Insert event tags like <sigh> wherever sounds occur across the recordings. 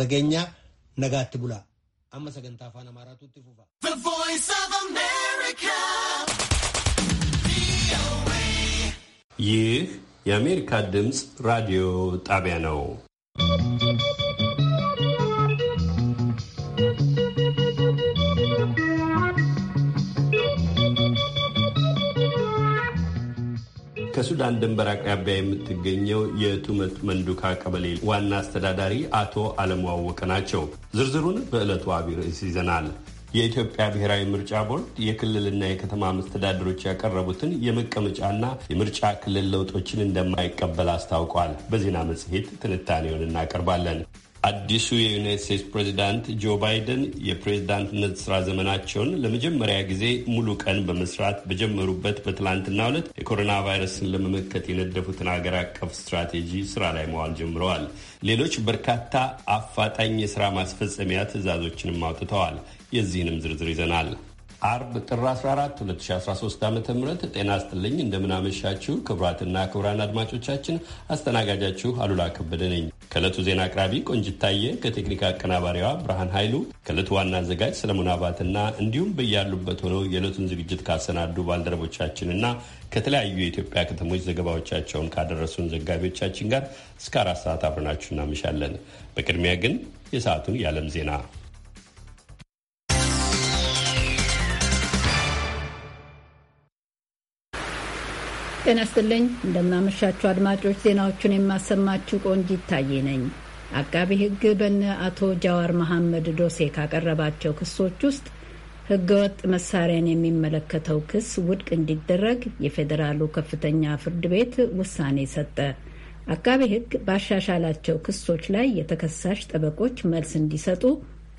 ተገኛ ነጋት ቡላ አመሰገንታ አፋን አማራቱ ፉፋ ይህ የአሜሪካ ድምፅ ራዲዮ ጣቢያ ነው። ከሱዳን ድንበር አቅራቢያ የምትገኘው የቱመት መንዱካ ቀበሌ ዋና አስተዳዳሪ አቶ አለማወቅ ናቸው። ዝርዝሩን በዕለቱ አቢይ ርዕስ ይዘናል። የኢትዮጵያ ብሔራዊ ምርጫ ቦርድ የክልልና የከተማ መስተዳደሮች ያቀረቡትን የመቀመጫና የምርጫ ክልል ለውጦችን እንደማይቀበል አስታውቋል። በዜና መጽሔት ትንታኔውን እናቀርባለን። አዲሱ የዩናይት ስቴትስ ፕሬዚዳንት ጆ ባይደን የፕሬዚዳንትነት ስራ ዘመናቸውን ለመጀመሪያ ጊዜ ሙሉ ቀን በመስራት በጀመሩበት በትላንትናው ዕለት የኮሮና ቫይረስን ለመመከት የነደፉትን ሀገር አቀፍ ስትራቴጂ ስራ ላይ መዋል ጀምረዋል። ሌሎች በርካታ አፋጣኝ የስራ ማስፈጸሚያ ትዕዛዞችንም አውጥተዋል። የዚህንም ዝርዝር ይዘናል። አርብ ጥር 14 2013 ዓ ም ጤና ስጥልኝ እንደምናመሻችሁ ክቡራትና ክቡራን አድማጮቻችን አስተናጋጃችሁ አሉላ ከበደ ነኝ ከእለቱ ዜና አቅራቢ ቆንጅታየ፣ ከቴክኒክ አቀናባሪዋ ብርሃን ኃይሉ፣ ከእለቱ ዋና አዘጋጅ ሰለሞን አባትና እንዲሁም በያሉበት ሆነው የዕለቱን ዝግጅት ካሰናዱ ባልደረቦቻችንና ከተለያዩ የኢትዮጵያ ከተሞች ዘገባዎቻቸውን ካደረሱን ዘጋቢዎቻችን ጋር እስከ አራት ሰዓት አብረናችሁ እናመሻለን። በቅድሚያ ግን የሰዓቱን የዓለም ዜና ጤና ይስጥልኝ። እንደምናመሻችሁ አድማጮች፣ ዜናዎቹን የማሰማችሁ ቆንጂ ይታየ ነኝ። አቃቤ ሕግ በነ አቶ ጃዋር መሐመድ ዶሴ ካቀረባቸው ክሶች ውስጥ ሕገወጥ መሳሪያን የሚመለከተው ክስ ውድቅ እንዲደረግ የፌዴራሉ ከፍተኛ ፍርድ ቤት ውሳኔ ሰጠ። አቃቤ ሕግ ባሻሻላቸው ክሶች ላይ የተከሳሽ ጠበቆች መልስ እንዲሰጡ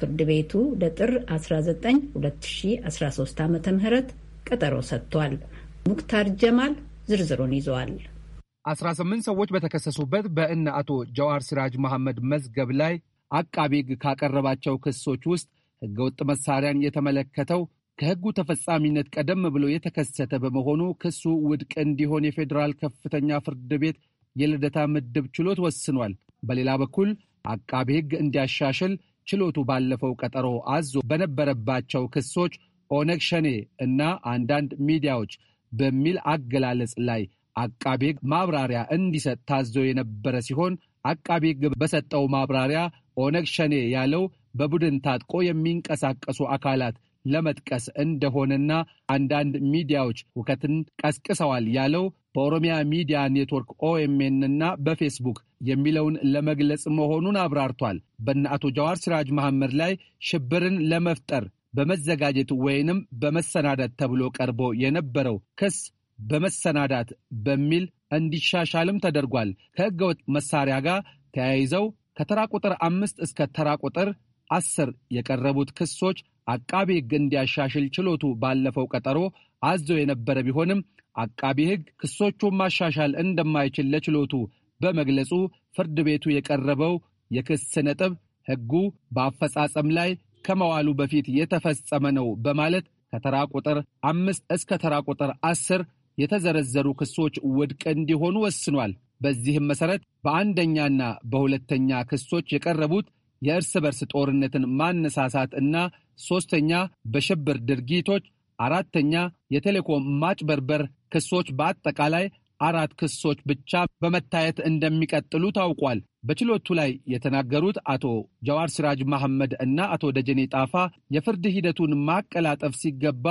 ፍርድ ቤቱ ለጥር 19 2013 ዓ ም ቀጠሮ ሰጥቷል። ሙክታር ጀማል ዝርዝሩን ይዘዋል። አስራ ስምንት ሰዎች በተከሰሱበት በእነ አቶ ጀዋር ሲራጅ መሐመድ መዝገብ ላይ አቃቢ ሕግ ካቀረባቸው ክሶች ውስጥ ህገወጥ መሳሪያን የተመለከተው ከህጉ ተፈጻሚነት ቀደም ብሎ የተከሰተ በመሆኑ ክሱ ውድቅ እንዲሆን የፌዴራል ከፍተኛ ፍርድ ቤት የልደታ ምድብ ችሎት ወስኗል። በሌላ በኩል አቃቢ ሕግ እንዲያሻሽል ችሎቱ ባለፈው ቀጠሮ አዞ በነበረባቸው ክሶች ኦነግ ሸኔ እና አንዳንድ ሚዲያዎች በሚል አገላለጽ ላይ አቃቤ ሕግ ማብራሪያ እንዲሰጥ ታዞ የነበረ ሲሆን አቃቤ ሕግ በሰጠው ማብራሪያ ኦነግ ሸኔ ያለው በቡድን ታጥቆ የሚንቀሳቀሱ አካላት ለመጥቀስ እንደሆነና አንዳንድ ሚዲያዎች ውከትን ቀስቅሰዋል ያለው በኦሮሚያ ሚዲያ ኔትወርክ ኦኤምኤን እና በፌስቡክ የሚለውን ለመግለጽ መሆኑን አብራርቷል። በእነ አቶ ጀዋር ሲራጅ መሐመድ ላይ ሽብርን ለመፍጠር በመዘጋጀት ወይንም በመሰናዳት ተብሎ ቀርቦ የነበረው ክስ በመሰናዳት በሚል እንዲሻሻልም ተደርጓል። ከሕገወጥ መሳሪያ ጋር ተያይዘው ከተራ ቁጥር አምስት እስከ ተራ ቁጥር አስር የቀረቡት ክሶች አቃቢ ሕግ እንዲያሻሽል ችሎቱ ባለፈው ቀጠሮ አዞ የነበረ ቢሆንም አቃቢ ሕግ ክሶቹን ማሻሻል እንደማይችል ለችሎቱ በመግለጹ ፍርድ ቤቱ የቀረበው የክስ ነጥብ ሕጉ በአፈጻጸም ላይ ከመዋሉ በፊት የተፈጸመ ነው በማለት ከተራ ቁጥር አምስት እስከ ተራ ቁጥር አስር የተዘረዘሩ ክሶች ውድቅ እንዲሆኑ ወስኗል። በዚህም መሠረት በአንደኛና በሁለተኛ ክሶች የቀረቡት የእርስ በርስ ጦርነትን ማነሳሳት እና ሦስተኛ በሽብር ድርጊቶች፣ አራተኛ የቴሌኮም ማጭበርበር ክሶች በአጠቃላይ አራት ክሶች ብቻ በመታየት እንደሚቀጥሉ ታውቋል። በችሎቱ ላይ የተናገሩት አቶ ጀዋር ሲራጅ መሐመድ እና አቶ ደጀኔ ጣፋ የፍርድ ሂደቱን ማቀላጠፍ ሲገባ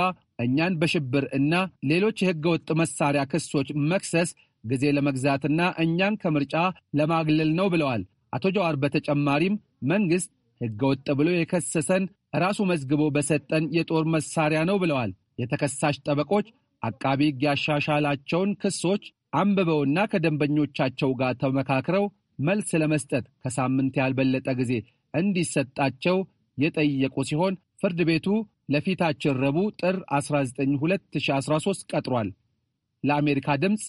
እኛን በሽብር እና ሌሎች ወጥ መሳሪያ ክሶች መክሰስ ጊዜ ለመግዛትና እኛን ከምርጫ ለማግለል ነው ብለዋል። አቶ ጀዋር በተጨማሪም መንግሥት ሕገወጥ ብሎ የከሰሰን ራሱ መዝግቦ በሰጠን የጦር መሳሪያ ነው ብለዋል። የተከሳሽ ጠበቆች አቃቢ ሕግ ያሻሻላቸውን ክሶች አንብበውና ከደንበኞቻቸው ጋር ተመካክረው መልስ ለመስጠት ከሳምንት ያልበለጠ ጊዜ እንዲሰጣቸው የጠየቁ ሲሆን ፍርድ ቤቱ ለፊታችን ረቡዕ ጥር 19 2013 ቀጥሯል። ለአሜሪካ ድምፅ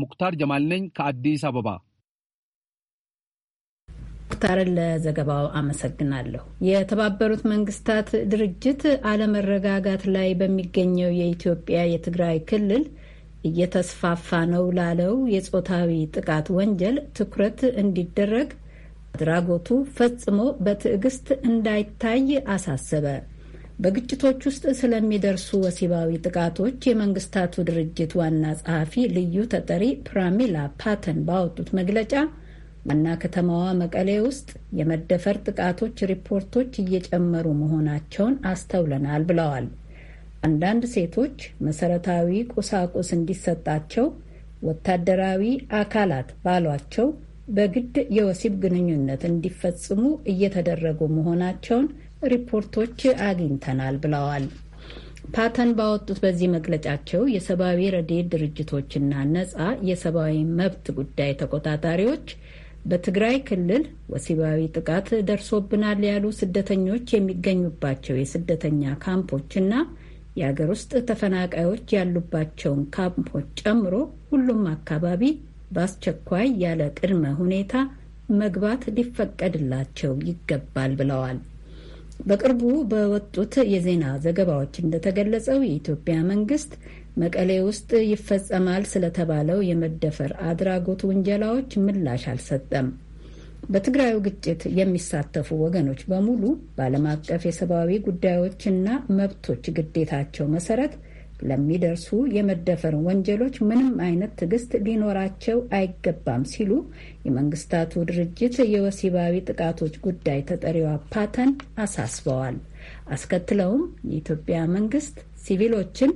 ሙክታር ጀማል ነኝ ከአዲስ አበባ። ሙክታርን ለዘገባው አመሰግናለሁ። የተባበሩት መንግስታት ድርጅት አለመረጋጋት ላይ በሚገኘው የኢትዮጵያ የትግራይ ክልል እየተስፋፋ ነው ላለው የጾታዊ ጥቃት ወንጀል ትኩረት እንዲደረግ አድራጎቱ ፈጽሞ በትዕግስት እንዳይታይ አሳሰበ። በግጭቶች ውስጥ ስለሚደርሱ ወሲባዊ ጥቃቶች የመንግስታቱ ድርጅት ዋና ጸሐፊ ልዩ ተጠሪ ፕራሚላ ፓተን ባወጡት መግለጫ ዋና ከተማዋ መቀሌ ውስጥ የመደፈር ጥቃቶች ሪፖርቶች እየጨመሩ መሆናቸውን አስተውለናል ብለዋል። አንዳንድ ሴቶች መሰረታዊ ቁሳቁስ እንዲሰጣቸው ወታደራዊ አካላት ባሏቸው በግድ የወሲብ ግንኙነት እንዲፈጽሙ እየተደረጉ መሆናቸውን ሪፖርቶች አግኝተናል ብለዋል። ፓተን ባወጡት በዚህ መግለጫቸው የሰብአዊ ረድኤት ድርጅቶችና ነጻ የሰብአዊ መብት ጉዳይ ተቆጣጣሪዎች በትግራይ ክልል ወሲባዊ ጥቃት ደርሶብናል ያሉ ስደተኞች የሚገኙባቸው የስደተኛ ካምፖችና የአገር ውስጥ ተፈናቃዮች ያሉባቸውን ካምፖች ጨምሮ ሁሉም አካባቢ በአስቸኳይ ያለ ቅድመ ሁኔታ መግባት ሊፈቀድላቸው ይገባል ብለዋል። በቅርቡ በወጡት የዜና ዘገባዎች እንደተገለጸው የኢትዮጵያ መንግስት መቀሌ ውስጥ ይፈጸማል ስለተባለው የመደፈር አድራጎት ውንጀላዎች ምላሽ አልሰጠም። በትግራዩ ግጭት የሚሳተፉ ወገኖች በሙሉ በዓለም አቀፍ የሰብአዊ ጉዳዮችና መብቶች ግዴታቸው መሰረት ለሚደርሱ የመደፈር ወንጀሎች ምንም አይነት ትዕግስት ሊኖራቸው አይገባም ሲሉ የመንግስታቱ ድርጅት የወሲባዊ ጥቃቶች ጉዳይ ተጠሪዋ ፓተን አሳስበዋል። አስከትለውም የኢትዮጵያ መንግስት ሲቪሎችን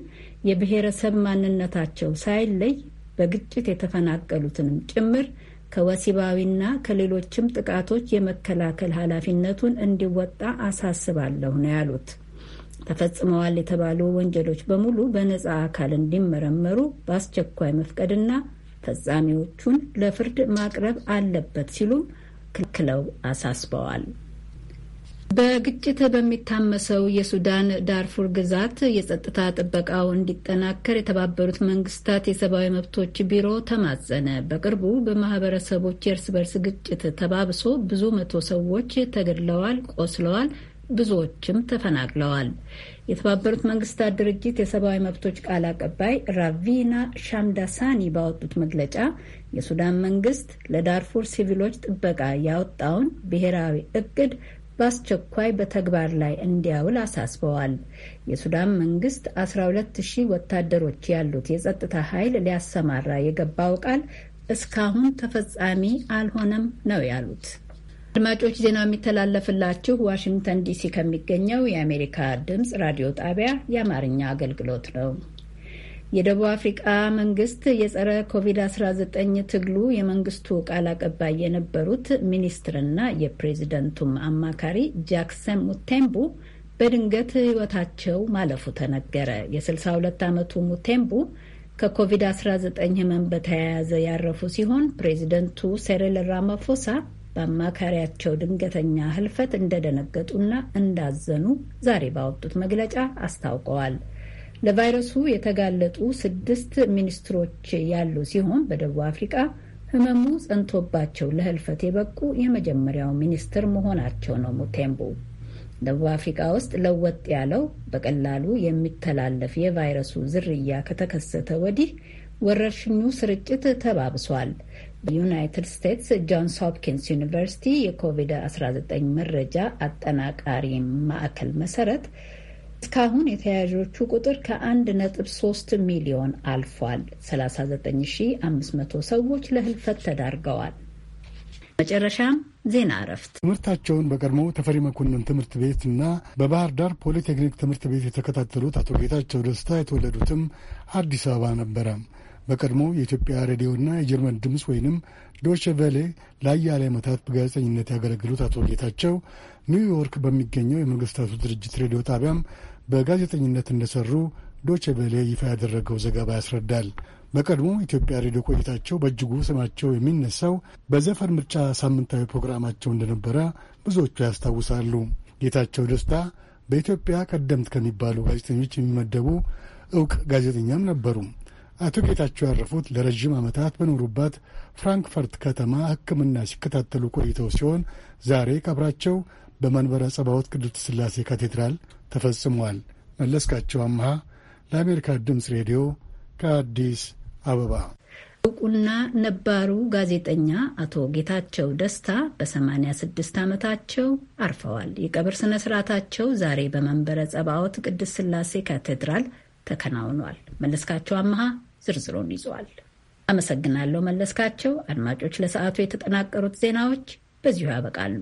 የብሔረሰብ ማንነታቸው ሳይለይ በግጭት የተፈናቀሉትንም ጭምር ከወሲባዊና ከሌሎችም ጥቃቶች የመከላከል ኃላፊነቱን እንዲወጣ አሳስባለሁ ነው ያሉት። ተፈጽመዋል የተባሉ ወንጀሎች በሙሉ በነፃ አካል እንዲመረመሩ በአስቸኳይ መፍቀድና ፈጻሚዎቹን ለፍርድ ማቅረብ አለበት ሲሉም ክልክለው አሳስበዋል። በግጭት በሚታመሰው የሱዳን ዳርፉር ግዛት የጸጥታ ጥበቃው እንዲጠናከር የተባበሩት መንግስታት የሰብአዊ መብቶች ቢሮ ተማጸነ። በቅርቡ በማህበረሰቦች የእርስ በርስ ግጭት ተባብሶ ብዙ መቶ ሰዎች ተገድለዋል፣ ቆስለዋል፣ ብዙዎችም ተፈናቅለዋል። የተባበሩት መንግስታት ድርጅት የሰብአዊ መብቶች ቃል አቀባይ ራቪና ሻምዳሳኒ ባወጡት መግለጫ የሱዳን መንግስት ለዳርፉር ሲቪሎች ጥበቃ ያወጣውን ብሔራዊ እቅድ በአስቸኳይ በተግባር ላይ እንዲያውል አሳስበዋል። የሱዳን መንግስት 12 ሺህ ወታደሮች ያሉት የጸጥታ ኃይል ሊያሰማራ የገባው ቃል እስካሁን ተፈጻሚ አልሆነም ነው ያሉት። አድማጮች ዜናው የሚተላለፍላችሁ ዋሽንግተን ዲሲ ከሚገኘው የአሜሪካ ድምፅ ራዲዮ ጣቢያ የአማርኛ አገልግሎት ነው። የደቡብ አፍሪቃ መንግስት የጸረ ኮቪድ-19 ትግሉ የመንግስቱ ቃል አቀባይ የነበሩት ሚኒስትርና የፕሬዚደንቱም አማካሪ ጃክሰን ሙቴምቡ በድንገት ህይወታቸው ማለፉ ተነገረ። የ62 ዓመቱ ሙቴምቡ ከኮቪድ-19 ህመም በተያያዘ ያረፉ ሲሆን ፕሬዚደንቱ ሴሪል ራማፎሳ በአማካሪያቸው ድንገተኛ ህልፈት እንደደነገጡና እንዳዘኑ ዛሬ ባወጡት መግለጫ አስታውቀዋል። ለቫይረሱ የተጋለጡ ስድስት ሚኒስትሮች ያሉ ሲሆን በደቡብ አፍሪካ ህመሙ ጸንቶባቸው ለህልፈት የበቁ የመጀመሪያው ሚኒስትር መሆናቸው ነው። ሙቴምቡ። ደቡብ አፍሪካ ውስጥ ለወጥ ያለው በቀላሉ የሚተላለፍ የቫይረሱ ዝርያ ከተከሰተ ወዲህ ወረርሽኙ ስርጭት ተባብሷል። በዩናይትድ ስቴትስ ጆንስ ሆፕኪንስ ዩኒቨርሲቲ የኮቪድ-19 መረጃ አጠናቃሪ ማዕከል መሰረት እስካሁን የተያያዦቹ ቁጥር ከ1.3 ሚሊዮን አልፏል። 39500 ሰዎች ለህልፈት ተዳርገዋል። መጨረሻም ዜና እረፍት። ትምህርታቸውን በቀድሞ ተፈሪ መኮንን ትምህርት ቤት እና በባህር ዳር ፖሊቴክኒክ ትምህርት ቤት የተከታተሉት አቶ ጌታቸው ደስታ የተወለዱትም አዲስ አበባ ነበረ። በቀድሞ የኢትዮጵያ ሬዲዮና የጀርመን ድምፅ ወይንም ዶቼ ቬሌ ለአያሌ ዓመታት በጋዜጠኝነት ያገለግሉት አቶ ጌታቸው ኒውዮርክ በሚገኘው የመንግስታቱ ድርጅት ሬዲዮ ጣቢያም በጋዜጠኝነት እንደሰሩ ቬሌ ይፋ ያደረገው ዘገባ ያስረዳል። በቀድሞ ኢትዮጵያ ሬዲዮ ቆይታቸው በእጅጉ ስማቸው የሚነሳው በዘፈን ምርጫ ሳምንታዊ ፕሮግራማቸው እንደነበረ ብዙዎቹ ያስታውሳሉ። ጌታቸው ደስታ በኢትዮጵያ ቀደምት ከሚባሉ ጋዜጠኞች የሚመደቡ እውቅ ጋዜጠኛም ነበሩ። አቶ ጌታቸው ያረፉት ለረዥም ዓመታት በኖሩባት ፍራንክፈርት ከተማ ሕክምና ሲከታተሉ ቆይተው ሲሆን ዛሬ ቀብራቸው በመንበረ ጸባዖት ቅዱስ ሥላሴ ካቴድራል ተፈጽመዋል። መለስካቸው አምሃ ለአሜሪካ ድምፅ ሬዲዮ ከአዲስ አበባ። እውቁና ነባሩ ጋዜጠኛ አቶ ጌታቸው ደስታ በ86 ዓመታቸው አርፈዋል። የቀብር ስነ ስርዓታቸው ዛሬ በመንበረ ጸባዖት ቅድስት ስላሴ ካቴድራል ተከናውኗል። መለስካቸው አምሃ ዝርዝሩን ይዟል። አመሰግናለሁ መለስካቸው። አድማጮች፣ ለሰዓቱ የተጠናቀሩት ዜናዎች በዚሁ ያበቃሉ።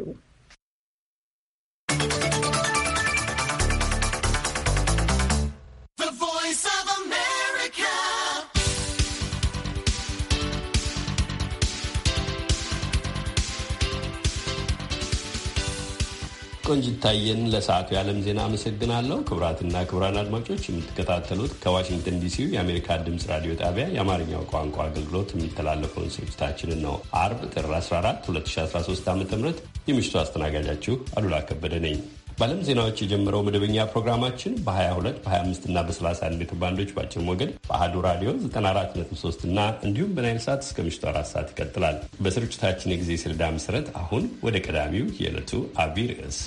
ቆንጅታየን ለሰዓቱ የዓለም ዜና አመሰግናለሁ። ክቡራትና ክቡራን አድማጮች የምትከታተሉት ከዋሽንግተን ዲሲው የአሜሪካ ድምፅ ራዲዮ ጣቢያ የአማርኛው ቋንቋ አገልግሎት የሚተላለፈውን ስርጭታችንን ነው። አርብ ጥር 14 2013 ዓ ም የምሽቱ አስተናጋጃችሁ አሉላ ከበደ ነኝ። በዓለም ዜናዎች የጀመረው መደበኛ ፕሮግራማችን በ22 በ25 እና በ31 ሜትር ባንዶች በአጭር ሞገድ በአህዱ ራዲዮ 943 እና እንዲሁም በናይል ሰዓት እስከ ምሽቱ አራት ሰዓት ይቀጥላል። በስርጭታችን የጊዜ ሰሌዳ መሰረት አሁን ወደ ቀዳሚው የዕለቱ አቢይ ርዕስ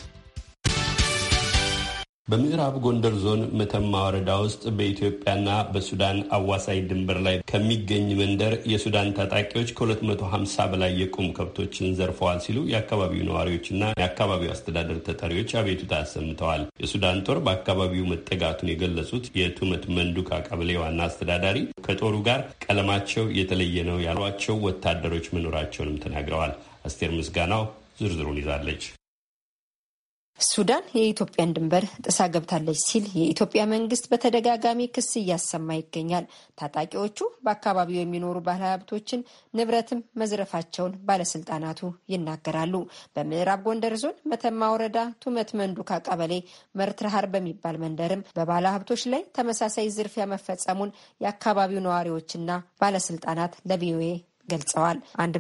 በምዕራብ ጎንደር ዞን መተማ ወረዳ ውስጥ በኢትዮጵያና በሱዳን አዋሳኝ ድንበር ላይ ከሚገኝ መንደር የሱዳን ታጣቂዎች ከ250 በላይ የቁም ከብቶችን ዘርፈዋል ሲሉ የአካባቢው ነዋሪዎችና የአካባቢው አስተዳደር ተጠሪዎች አቤቱታ አሰምተዋል። የሱዳን ጦር በአካባቢው መጠጋቱን የገለጹት የቱመት መንዱካ ቀበሌ ዋና አስተዳዳሪ ከጦሩ ጋር ቀለማቸው የተለየ ነው ያሏቸው ወታደሮች መኖራቸውንም ተናግረዋል። አስቴር ምስጋናው ዝርዝሩን ይዛለች። ሱዳን የኢትዮጵያን ድንበር ጥሳ ገብታለች ሲል የኢትዮጵያ መንግስት በተደጋጋሚ ክስ እያሰማ ይገኛል። ታጣቂዎቹ በአካባቢው የሚኖሩ ባለሀብቶችን ንብረትም መዝረፋቸውን ባለስልጣናቱ ይናገራሉ። በምዕራብ ጎንደር ዞን መተማ ወረዳ ቱመት መንዱካ ቀበሌ መርትርሃር በሚባል መንደርም በባለሀብቶች ላይ ተመሳሳይ ዝርፊያ መፈጸሙን የአካባቢው ነዋሪዎችና ባለስልጣናት ለቪኦኤ ገልጸዋል።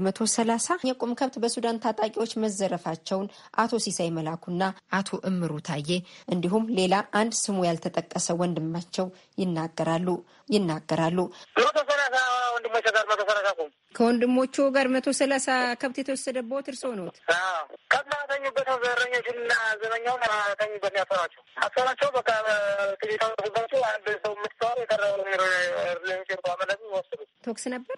130 የቁም ከብት በሱዳን ታጣቂዎች መዘረፋቸውን አቶ ሲሳይ መላኩና አቶ እምሩ ታዬ እንዲሁም ሌላ አንድ ስሙ ያልተጠቀሰ ወንድማቸው ይናገራሉ ይናገራሉ። ከወንድሞቹ ጋር መቶ ሰላሳ ከብት የተወሰደበት እርስዎ ነዎት? ከብት ዘረኞችና ዘበኛውን ተኙበት በቃ አንድ ሰው ተኩስ ነበር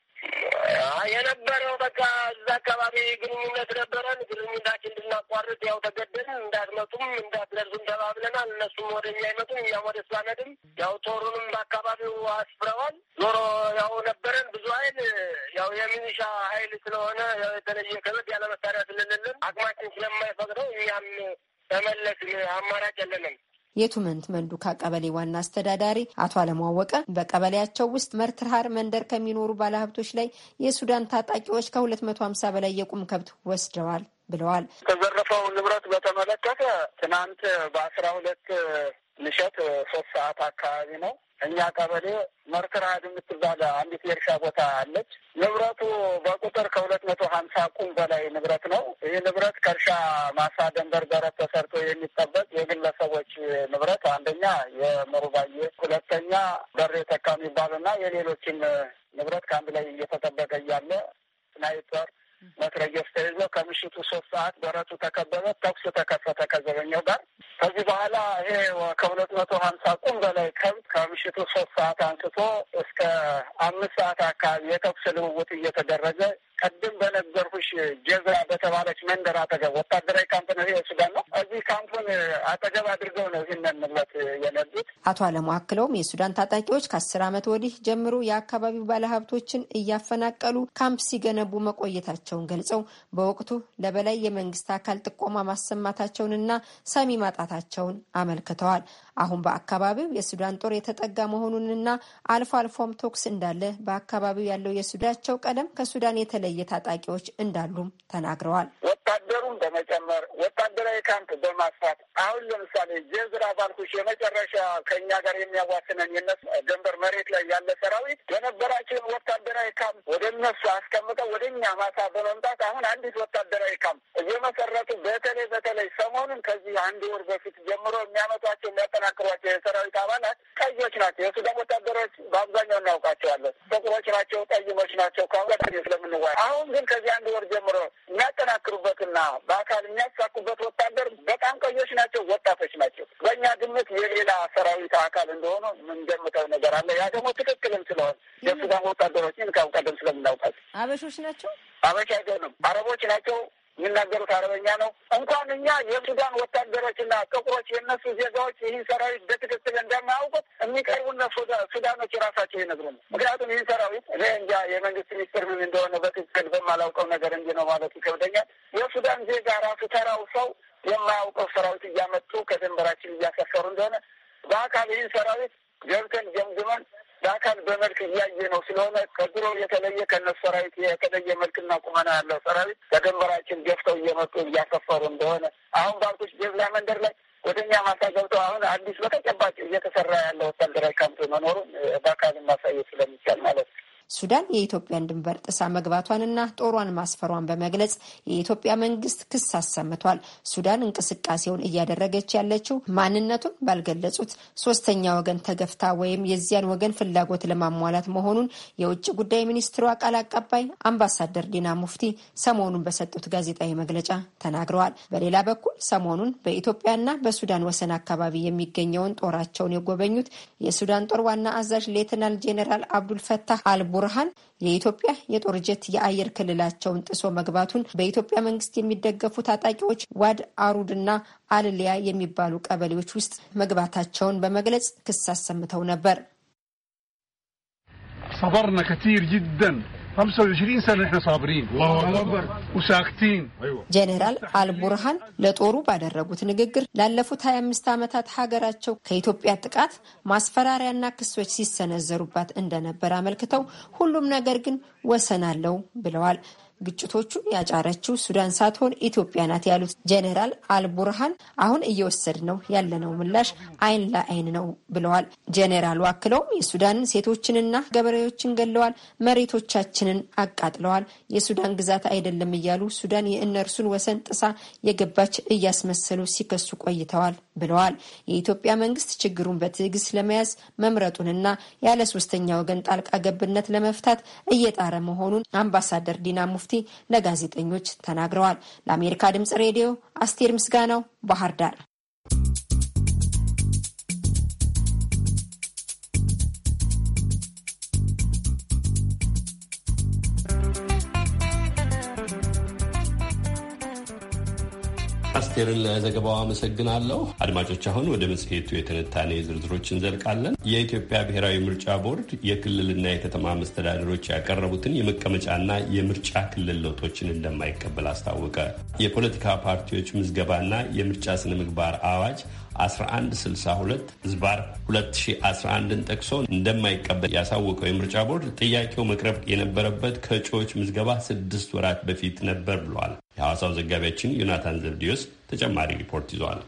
የነበረው በቃ እዛ አካባቢ ግንኙነት ነበረን። ግንኙነታችን እንድናቋርጥ ያው ተገደን እንዳትመጡም እንዳትደርሱም ተባብለናል። እነሱም ወደ እኛ አይመጡም፣ እኛም ወደ እሱ አንሄድም። ያው ጦሩንም በአካባቢው አስፍረዋል። ዞሮ ያው ነበረን ብዙ ኃይል ያው የሚኒሻ ኃይል ስለሆነ የተለየ ከበድ ያለ መሳሪያ ስለሌለን አቅማችን ስለማይፈቅደው እኛም ተመለስን። አማራጭ የለንም። የቱመንት መንዱካ ቀበሌ ዋና አስተዳዳሪ አቶ አለማወቀ በቀበሌያቸው ውስጥ መርትርሃር መንደር ከሚኖሩ ባለሀብቶች ላይ የሱዳን ታጣቂዎች መቶ ሀምሳ በላይ የቁም ከብት ወስደዋል ብለዋል። የተዘረፈው ንብረት በተመለከተ ትናንት በአስራ ሁለት ምሽት ሶስት ሰዓት አካባቢ ነው። እኛ ቀበሌ መርትርሃድ የምትባል አንዲት የእርሻ ቦታ አለች። ንብረቱ በቁጥር ከሁለት መቶ ሀምሳ ቁም በላይ ንብረት ነው። ይህ ንብረት ከእርሻ ማሳ ደንበር በረት ተሰርቶ የሚጠበቅ የግለሰቦች ንብረት አንደኛ የመሩባዬ ሁለተኛ በር የተካ የሚባልና የሌሎችን ንብረት ከአንድ ላይ እየተጠበቀ እያለ ስናይፐር መትረየስ ተይዞ ከምሽቱ ሶስት ሰዓት በረቱ ተከበበ። ተኩስ ተከፈተ ከዘበኛው ጋር። ከዚህ በኋላ ይሄ ከሁለት መቶ ሀምሳ ቁም በላይ ከብት ከምሽቱ ሶስት ሰዓት አንስቶ እስከ አምስት ሰዓት አካባቢ የተኩስ ልውውጥ እየተደረገ ቅድም በነገርኩሽ ጀዝራ በተባለች መንደር አጠገብ ወታደራዊ ካምፕ ነው ይሄ ሱዳን ነው። እዚህ ካምፑን አጠገብ አድርገው ነው ይህንን ንብረት የነዱት። አቶ አለሙ አክለውም የሱዳን ታጣቂዎች ከአስር ዓመት ወዲህ ጀምሮ የአካባቢው ባለሀብቶችን እያፈናቀሉ ካምፕ ሲገነቡ መቆየታቸውን ገልጸው በወቅቱ ለበላይ የመንግስት አካል ጥቆማ ማሰማታቸውንና ሰሚ ማጣታቸውን አመልክተዋል። አሁን በአካባቢው የሱዳን ጦር የተጠጋ መሆኑንና አልፎ አልፎም ቶክስ እንዳለ በአካባቢው ያለው የሱዳቸው ቀለም ከሱዳን የተለየ የታጣቂዎች እንዳሉም ተናግረዋል። ወታደሩን በመጨመር ወታደራዊ ካምፕ በማስፋት አሁን ለምሳሌ የዝር አባልኩሽ የመጨረሻ ከእኛ ጋር የሚያዋስነን የነሱ ድንበር መሬት ላይ ያለ ሰራዊት የነበራቸውን ወታደራዊ ካምፕ ወደ እነሱ አስቀምጠው ወደ እኛ ማሳ በመምጣት አሁን አንዲት ወታደራዊ ካምፕ እየመሰረቱ በተለይ በተለይ ሰሞኑን ከዚህ አንድ ወር በፊት ጀምሮ የሚያመጧቸው የሚያጠናክሯቸው የሰራዊት አባላት ቀዮች ናቸው። የሱዳን ወታደሮች በአብዛኛው እናውቃቸዋለን። ጥቁሮች ናቸው፣ ቀይሞች ናቸው። ከሁለት ስለምንዋ አሁን ግን ከዚህ አንድ ወር ጀምሮ የሚያጠናክሩበትና በአካል የሚያሳኩበት ወታደር በጣም ቀዮች ናቸው፣ ወጣቶች ናቸው። በእኛ ግምት የሌላ ሰራዊት አካል እንደሆኑ የምንገምተው ነገር አለ። ያ ደግሞ ትክክልም ስለሆን የሱዳን ወታደሮችን ከአሁን ቀደም ስለምናውቃቸው አበሾች ናቸው። አበሻ አይደሉም፣ አረቦች ናቸው። የሚናገሩት አረበኛ ነው። እንኳን እኛ የሱዳን ወታደሮችና ጥቁሮች የእነሱ ዜጋዎች ይህን ሰራዊት በትክክል እንደማያውቁት የሚቀርቡና ሱዳኖች የራሳቸው ነው ምክንያቱም ይህን ሰራዊት እኔ እንጃ የመንግስት ሚኒስትር ምን እንደሆነ በትክክል በማላውቀው ነገር እንዲ ነው ማለት ይከብደኛል። የሱዳን ዜጋ ራሱ ተራው ሰው የማያውቀው ሰራዊት እያመጡ ከድንበራችን እያሰፈሩ እንደሆነ በአካል ይህን ሰራዊት ገብተን ገምግመን በአካል በመልክ እያየ ነው ስለሆነ ከድሮ የተለየ ከነሱ ሰራዊት የተለየ መልክና ቁመና ያለው ሰራዊት ከድንበራችን ገፍተው እየመጡ እያሰፈሩ እንደሆነ አሁን ባልኮች ገዝላ መንደር ላይ ወደ እኛ ማሳ ገብተው አሁን አዲስ በተጨባጭ እየተሰራ ያለ ወታደራዊ ካምፕ መኖሩን በአካል ማሳየት ስለሚቻል ማለት ነው። ሱዳን የኢትዮጵያን ድንበር ጥሳ መግባቷንና ጦሯን ማስፈሯን በመግለጽ የኢትዮጵያ መንግስት ክስ አሰምቷል። ሱዳን እንቅስቃሴውን እያደረገች ያለችው ማንነቱን ባልገለጹት ሶስተኛ ወገን ተገፍታ ወይም የዚያን ወገን ፍላጎት ለማሟላት መሆኑን የውጭ ጉዳይ ሚኒስትሯ ቃል አቀባይ አምባሳደር ዲና ሙፍቲ ሰሞኑን በሰጡት ጋዜጣዊ መግለጫ ተናግረዋል። በሌላ በኩል ሰሞኑን በኢትዮጵያና በሱዳን ወሰን አካባቢ የሚገኘውን ጦራቸውን የጎበኙት የሱዳን ጦር ዋና አዛዥ ሌትናል ጄኔራል አብዱልፈታህ አልቦ ቡርሃን የኢትዮጵያ የጦር ጀት የአየር ክልላቸውን ጥሶ መግባቱን በኢትዮጵያ መንግስት የሚደገፉ ታጣቂዎች ዋድ አሩድና አልሊያ የሚባሉ ቀበሌዎች ውስጥ መግባታቸውን በመግለጽ ክስ አሰምተው ነበር። ሰበርና ከቲር ጅደን 25 سنة احنا صابرين الله أكبر وساكتين ጄኔራል አልቡርሃን ለጦሩ ባደረጉት ንግግር ላለፉት 25 ዓመታት ሀገራቸው ከኢትዮጵያ ጥቃት ማስፈራሪያና ክሶች ሲሰነዘሩባት እንደነበር አመልክተው ሁሉም ነገር ግን ወሰን አለው ብለዋል። ግጭቶቹን ያጫረችው ሱዳን ሳትሆን ኢትዮጵያ ናት ያሉት ጀኔራል አልቡርሃን አሁን እየወሰድ ነው ያለነው ምላሽ አይን ለአይን ነው ብለዋል። ጀኔራሉ አክለውም የሱዳንን ሴቶችንና ገበሬዎችን ገለዋል፣ መሬቶቻችንን አቃጥለዋል፣ የሱዳን ግዛት አይደለም እያሉ ሱዳን የእነርሱን ወሰን ጥሳ የገባች እያስመሰሉ ሲከሱ ቆይተዋል ብለዋል። የኢትዮጵያ መንግስት ችግሩን በትዕግስት ለመያዝ መምረጡንና ያለ ሶስተኛ ወገን ጣልቃ ገብነት ለመፍታት እየጣረ መሆኑን አምባሳደር ዲና ሙፍ ሙፍቲ ለጋዜጠኞች ተናግረዋል። ለአሜሪካ ድምጽ ሬዲዮ አስቴር ምስጋናው ባህር ዳር አስቴርን ለዘገባው አመሰግናለሁ። አድማጮች፣ አሁን ወደ መጽሔቱ የትንታኔ ዝርዝሮች እንዘልቃለን። የኢትዮጵያ ብሔራዊ ምርጫ ቦርድ የክልልና የከተማ መስተዳደሮች ያቀረቡትን የመቀመጫና የምርጫ ክልል ለውጦችን እንደማይቀበል አስታወቀ። የፖለቲካ ፓርቲዎች ምዝገባና የምርጫ ስነ ምግባር አዋጅ 1162 ዝባር 2011ን ጠቅሶ እንደማይቀበል ያሳወቀው የምርጫ ቦርድ ጥያቄው መቅረብ የነበረበት ከእጩዎች ምዝገባ ስድስት ወራት በፊት ነበር ብሏል። የሐዋሳው ዘጋቢያችን ዮናታን ዘብዲዮስ ተጨማሪ ሪፖርት ይዟል።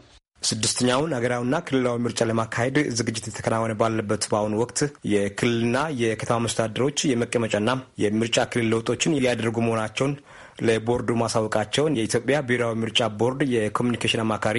ስድስተኛውን ሀገራዊና ክልላዊ ምርጫ ለማካሄድ ዝግጅት የተከናወነ ባለበት በአሁኑ ወቅት የክልልና የከተማ መስተዳደሮች የመቀመጫና የምርጫ ክልል ለውጦችን እያደረጉ መሆናቸውን ለቦርዱ ማሳወቃቸውን የኢትዮጵያ ብሔራዊ ምርጫ ቦርድ የኮሚኒኬሽን አማካሪ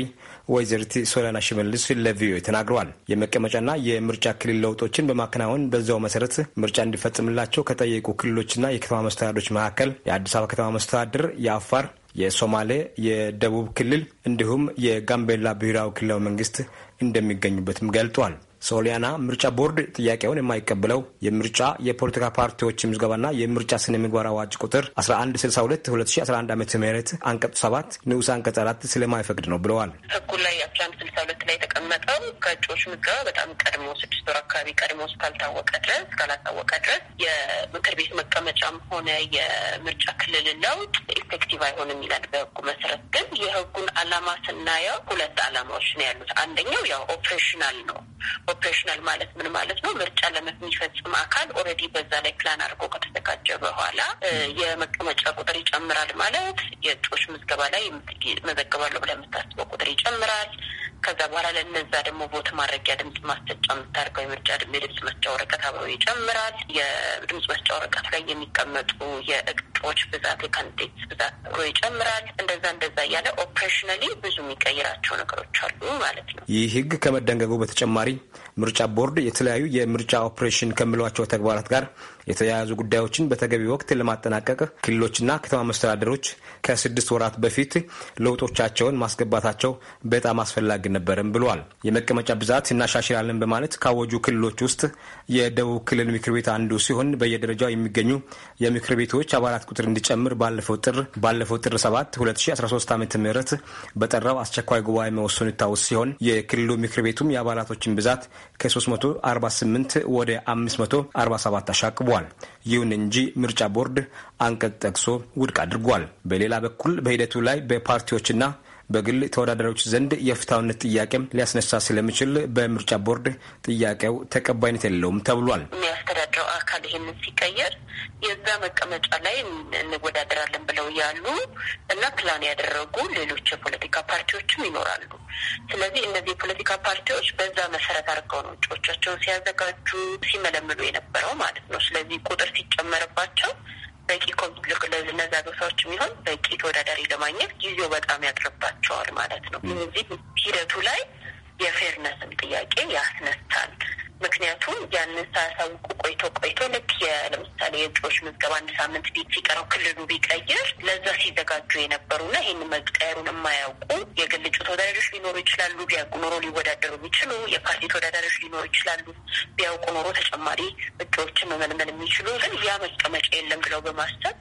ወይዘሪት ሶሊያና ሽመልስ ለቪኦኤ ተናግረዋል። የመቀመጫና የምርጫ ክልል ለውጦችን በማከናወን በዛው መሰረት ምርጫ እንዲፈጽምላቸው ከጠየቁ ክልሎችና የከተማ መስተዳድሮች መካከል የአዲስ አበባ ከተማ መስተዳድር፣ የአፋር፣ የሶማሌ፣ የደቡብ ክልል እንዲሁም የጋምቤላ ብሔራዊ ክልላዊ መንግስት እንደሚገኙበትም ገልጧል። ሶሊያና ምርጫ ቦርድ ጥያቄውን የማይቀበለው የምርጫ የፖለቲካ ፓርቲዎች ምዝገባና የምርጫ ስነ ምግባር አዋጅ ቁጥር 1162 2011 ዓ ም አንቀጽ 7 ንዑስ አንቀጽ 4 ስለማይፈቅድ ነው ብለዋል። ህጉ ላይ 1162 ላይ የተቀመጠው ከእጩዎች ምዝገባ በጣም ቀድሞ ስድስት ወር አካባቢ ቀድሞ እስካልታወቀ ድረስ እስካላታወቀ ድረስ የምክር ቤት መቀመጫም ሆነ የምርጫ ክልል ለውጥ ኢፌክቲቭ አይሆንም ይላል። በህጉ መሰረት ግን የህጉን አላማ ስናየው ሁለት አላማዎች ነው ያሉት። አንደኛው ያው ኦፕሬሽናል ነው ኦፕሬሽናል ማለት ምን ማለት ነው? ምርጫ የሚፈጽም አካል ኦልሬዲ በዛ ላይ ፕላን አድርጎ ከተዘጋጀ በኋላ የመቀመጫ ቁጥር ይጨምራል ማለት የእጩዎች ምዝገባ ላይ መዘገባለሁ ብለህ የምታስበው ቁጥር ይጨምራል። ከዛ በኋላ ለነዛ ደግሞ ቦት ማድረጊያ ድምጽ ማስሰጫ የምታደርገው የምርጫ የድምጽ መስጫ ወረቀት አብሮ ይጨምራል። የድምጽ መስጫ ወረቀት ላይ የሚቀመጡ የእጩዎች ብዛት፣ የካንዲዴትስ ብዛት አብሮ ይጨምራል። እንደዛ እንደዛ እያለ ኦፕሬሽናሊ ብዙ የሚቀይራቸው ነገሮች አሉ ማለት ነው። ይህ ህግ ከመደንገጉ በተጨማሪ ምርጫ ቦርድ የተለያዩ የምርጫ ኦፕሬሽን ከሚሏቸው ተግባራት ጋር የተያያዙ ጉዳዮችን በተገቢ ወቅት ለማጠናቀቅ ክልሎችና ከተማ መስተዳደሮች ከስድስት ወራት በፊት ለውጦቻቸውን ማስገባታቸው በጣም አስፈላጊ ነበርም ብሏል። የመቀመጫ ብዛት እናሻሽላለን በማለት ካወጁ ክልሎች ውስጥ የደቡብ ክልል ምክር ቤት አንዱ ሲሆን በየደረጃው የሚገኙ የምክር ቤቶች አባላት ቁጥር እንዲጨምር ባለፈው ጥር ባለፈው ጥር 7 2013 ዓ ም በጠራው አስቸኳይ ጉባኤ መወሰኑ ይታወስ ሲሆን የክልሉ ምክር ቤቱም የአባላቶችን ብዛት ከ348 ወደ 547 አሻቅቧል። አቅርበዋል። ይሁን እንጂ ምርጫ ቦርድ አንቀጽ ጠቅሶ ውድቅ አድርጓል። በሌላ በኩል በሂደቱ ላይ በፓርቲዎችና በግል ተወዳዳሪዎች ዘንድ የፍትሐዊነት ጥያቄም ሊያስነሳ ስለሚችል በምርጫ ቦርድ ጥያቄው ተቀባይነት የለውም ተብሏል። የሚያስተዳድረው አካል ይህንን ሲቀየር የዛ መቀመጫ ላይ እንወዳደራለን ብለው ያሉ እና ፕላን ያደረጉ ሌሎች የፖለቲካ ፓርቲዎችም ይኖራሉ። ስለዚህ እነዚህ የፖለቲካ ፓርቲዎች በዛ መሰረት አድርገው ነው እጩዎቻቸውን ሲያዘጋጁ ሲመለምሉ የነበረው ማለት ነው። ስለዚህ ቁጥር ሲጨመርባቸው በቂ ኮምፒውተር ለነዛ ሰዎች የሚሆን በቂ ተወዳዳሪ ለማግኘት ጊዜው በጣም ያጥርባቸዋል ማለት ነው። ስለዚህ ሂደቱ ላይ የፌርነስም ጥያቄ ያስነሳል። ምክንያቱም ያንን ሳያሳውቁ ቆይቶ ቆይቶ ልክ ለምሳሌ የእጩዎች ምዝገባ አንድ ሳምንት ቤት ሲቀረው ክልሉ ቢቀይር ለዛ ሲዘጋጁ የነበሩና ይህን መቀየሩን የማያውቁ የግል እጩ ተወዳዳሪዎች ሊኖሩ ይችላሉ። ቢያውቁ ኖሮ ሊወዳደሩ የሚችሉ የፓርቲ ተወዳዳሪዎች ሊኖሩ ይችላሉ። ቢያውቁ ኖሮ ተጨማሪ እጩዎችን መመልመል የሚችሉ ግን ያ መቀመጫ የለም ብለው በማሰብ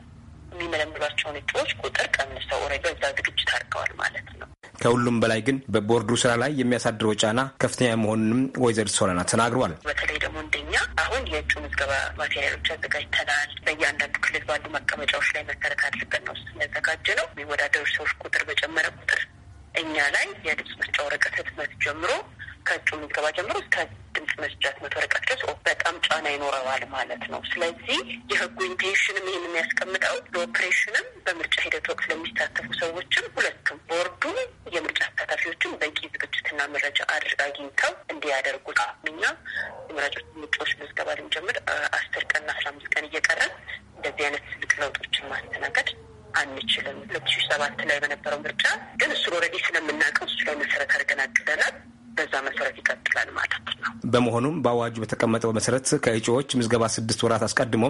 የሚመለምሏቸውን እጩዎች ቁጥር ቀንሰው ረ በዛ ዝግጅት አድርገዋል ማለት ነው። ከሁሉም በላይ ግን በቦርዱ ስራ ላይ የሚያሳድረው ጫና ከፍተኛ መሆኑንም ወይዘር ሶለና ተናግሯል። በተለይ ደግሞ እንደኛ አሁን የእጩ ምዝገባ ማቴሪያሎች አዘጋጅተናል። በእያንዳንዱ ክልል ባሉ መቀመጫዎች ላይ መሰረት አድርገን ነው ስናዘጋጀ ነው የሚወዳደሩ ሰዎች ቁጥር በጨመረ ቁጥር እኛ ላይ የድምፅ መስጫ ወረቀት ህትመት ጀምሮ ከእጩ ምዝገባ ጀምሮ እስከ ድምፅ መስጫ መቶ ወረቀት ድረስ በጣም ጫና ይኖረዋል ማለት ነው። ስለዚህ የህጉ ኢንቴንሽንም ይህን የሚያስቀምጠው በኦፕሬሽንም በምርጫ ሂደት ወቅት ለሚሳተፉ ሰዎችም ሁለቱም ቦርዱ የምርጫ አሳታፊዎችን በቂ ዝግጅትና መረጃ አድርጋ አግኝተው እንዲያደርጉ እኛ የመራጮች ምርጫዎች ምዝገባ ልንጀምር አስር ቀንና አስራ አምስት ቀን እየቀረን እንደዚህ አይነት ትልቅ ለውጦችን ማስተናገድ አንችልም። ሁለት ሺ ሰባት ላይ በነበረው ምርጫ ግን እሱን ኦልሬዲ ስለምናውቀው እሱ ላይ መሰረት አድርገን አቅደናል። በዛ መሰረት ይቀጥላል ማለት ነው። በመሆኑም በአዋጁ በተቀመጠው መሰረት ከእጩዎች ምዝገባ ስድስት ወራት አስቀድሞ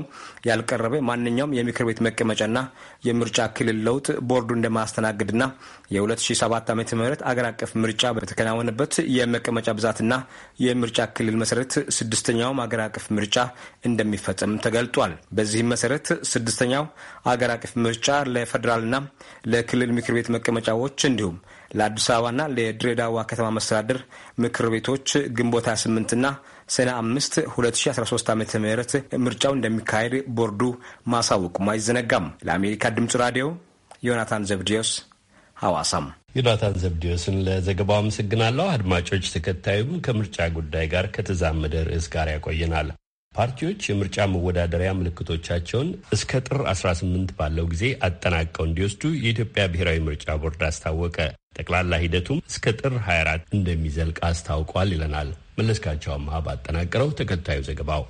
ያልቀረበ ማንኛውም የምክር ቤት መቀመጫና የምርጫ ክልል ለውጥ ቦርዱ እንደማያስተናግድና የ2007 ዓ ም አገር አቀፍ ምርጫ በተከናወነበት የመቀመጫ ብዛትና የምርጫ ክልል መሰረት ስድስተኛውም አገር አቀፍ ምርጫ እንደሚፈጸም ተገልጧል። በዚህም መሰረት ስድስተኛው አገር አቀፍ ምርጫ ለፌዴራልና ለክልል ምክር ቤት መቀመጫዎች እንዲሁም ለአዲስ አበባና ለድሬዳዋ ከተማ መስተዳደር ምክር ቤቶች ግንቦት 28ና ሰኔ 5 2013 ዓ ም ምርጫው እንደሚካሄድ ቦርዱ ማሳወቁም አይዘነጋም። ለአሜሪካ ድምፅ ራዲዮ ዮናታን ዘብዲዮስ ሐዋሳም። ዮናታን ዘብዲዮስን ለዘገባው አመሰግናለሁ። አድማጮች፣ ተከታዩም ከምርጫ ጉዳይ ጋር ከተዛመደ ርዕስ ጋር ያቆየናል። ፓርቲዎች የምርጫ መወዳደሪያ ምልክቶቻቸውን እስከ ጥር 18 ባለው ጊዜ አጠናቀው እንዲወስዱ የኢትዮጵያ ብሔራዊ ምርጫ ቦርድ አስታወቀ። ጠቅላላ ሂደቱም እስከ ጥር 24 እንደሚዘልቅ አስታውቋል ይለናል መለስካቸው አምሃ ባጠናቀረው ተከታዩ ዘገባው።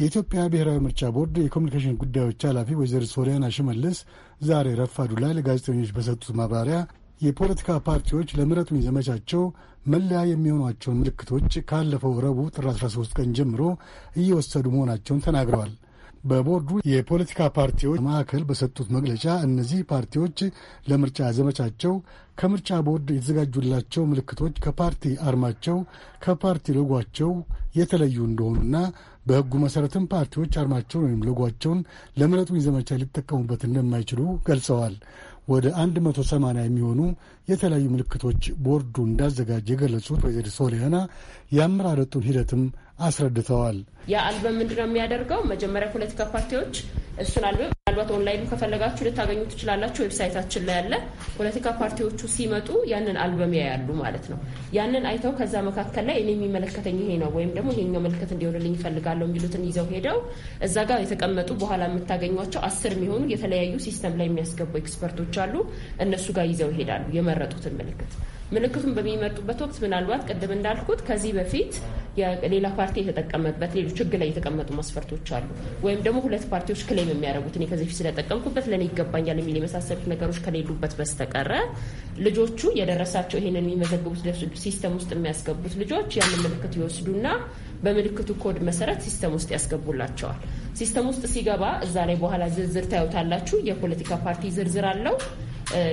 የኢትዮጵያ ብሔራዊ ምርጫ ቦርድ የኮሚኒኬሽን ጉዳዮች ኃላፊ ወይዘሪት ሶሊያና ሽመልስ ዛሬ ረፋዱ ላይ ለጋዜጠኞች በሰጡት ማብራሪያ የፖለቲካ ፓርቲዎች ለምረጡኝ ዘመቻቸው መለያ የሚሆኗቸውን ምልክቶች ካለፈው ረቡዕ ጥር 13 ቀን ጀምሮ እየወሰዱ መሆናቸውን ተናግረዋል። በቦርዱ የፖለቲካ ፓርቲዎች ማዕከል በሰጡት መግለጫ እነዚህ ፓርቲዎች ለምርጫ ዘመቻቸው ከምርጫ ቦርድ የተዘጋጁላቸው ምልክቶች ከፓርቲ አርማቸው፣ ከፓርቲ ሎጓቸው የተለዩ እንደሆኑና በሕጉ መሠረትም ፓርቲዎች አርማቸውን ወይም ሎጓቸውን ለምረጡኝ ዘመቻ ሊጠቀሙበት እንደማይችሉ ገልጸዋል። ወደ 180 የሚሆኑ የተለያዩ ምልክቶች ቦርዱ እንዳዘጋጀ የገለጹት ወይዘሮ ሶሊያና የአመራረጡን ሂደትም አስረድተዋል። የአልበም ምንድነው የሚያደርገው? መጀመሪያ ፖለቲካ ፓርቲዎች እሱን አልበም ምናልባት ኦንላይን ከፈለጋችሁ ልታገኙ ትችላላችሁ። ዌብሳይታችን ላይ ያለ ፖለቲካ ፓርቲዎቹ ሲመጡ ያንን አልበም ያያሉ ማለት ነው። ያንን አይተው ከዛ መካከል ላይ እኔ የሚመለከተኝ ይሄ ነው ወይም ደግሞ ይሄኛው ምልክት እንዲሆንልኝ ይፈልጋለሁ የሚሉትን ይዘው ሄደው እዛ ጋር የተቀመጡ በኋላ የምታገኟቸው አስር የሚሆኑ የተለያዩ ሲስተም ላይ የሚያስገቡ ኤክስፐርቶች አሉ። እነሱ ጋር ይዘው ይሄዳሉ የመረጡትን ምልክት። ምልክቱን በሚመርጡበት ወቅት ምናልባት ቅድም እንዳልኩት ከዚህ በፊት የሌላ ፓርቲ የተጠቀመበት ሌሎች ህግ ላይ የተቀመጡ መስፈርቶች አሉ። ወይም ደግሞ ሁለት ፓርቲዎች ክሌም የሚያደርጉት እኔ ከዚህ ስለጠቀምኩበት ለእኔ ይገባኛል የሚል የመሳሰሉት ነገሮች ከሌሉበት በስተቀረ ልጆቹ የደረሳቸው ይሄንን የሚመዘግቡት ሲስተም ውስጥ የሚያስገቡት ልጆች ያንን ምልክት ይወስዱና በምልክቱ ኮድ መሰረት ሲስተም ውስጥ ያስገቡላቸዋል። ሲስተም ውስጥ ሲገባ እዛ ላይ በኋላ ዝርዝር ታዩታላችሁ። የፖለቲካ ፓርቲ ዝርዝር አለው።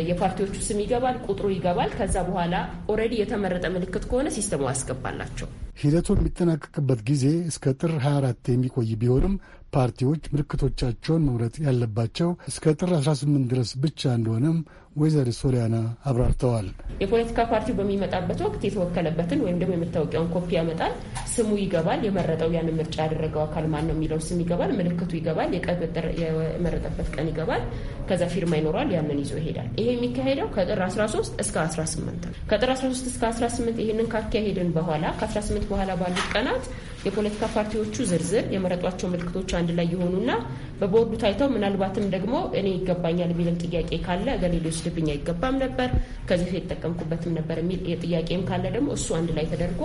የፓርቲዎቹ ስም ይገባል፣ ቁጥሩ ይገባል። ከዛ በኋላ ኦልሬዲ የተመረጠ ምልክት ከሆነ ሲስተሙ ያስገባላቸው። ሂደቱ የሚጠናቀቅበት ጊዜ እስከ ጥር 24 የሚቆይ ቢሆንም ፓርቲዎች ምልክቶቻቸውን መምረጥ ያለባቸው እስከ ጥር 18 ድረስ ብቻ እንደሆነም ወይዘር ሶሊያና አብራርተዋል። የፖለቲካ ፓርቲው በሚመጣበት ወቅት የተወከለበትን ወይም ደግሞ የመታወቂያውን ኮፒ ያመጣል። ስሙ ይገባል። የመረጠው ያንን ምርጫ ያደረገው አካል ማን ነው የሚለው ስም ይገባል። ምልክቱ ይገባል። የመረጠበት ቀን ይገባል። ከዛ ፊርማ ይኖረዋል ያንን ይዞ ይሄዳል። ይሄ የሚካሄደው ከጥር 13 እስከ 18 ነው። ከጥር 13 እስከ 18 ይህንን ካካሄድን በኋላ ከ18 በኋላ ባሉት ቀናት የፖለቲካ ፓርቲዎቹ ዝርዝር የመረጧቸው ምልክቶች አንድ ላይ የሆኑና በቦርዱ ታይተው ምናልባትም ደግሞ እኔ ይገባኛል የሚልም ጥያቄ ካለ እገሌ ሊወስድብኝ አይገባም ነበር ከዚህ የተጠቀምኩበትም ነበር የሚል ጥያቄም ካለ ደግሞ እሱ አንድ ላይ ተደርጎ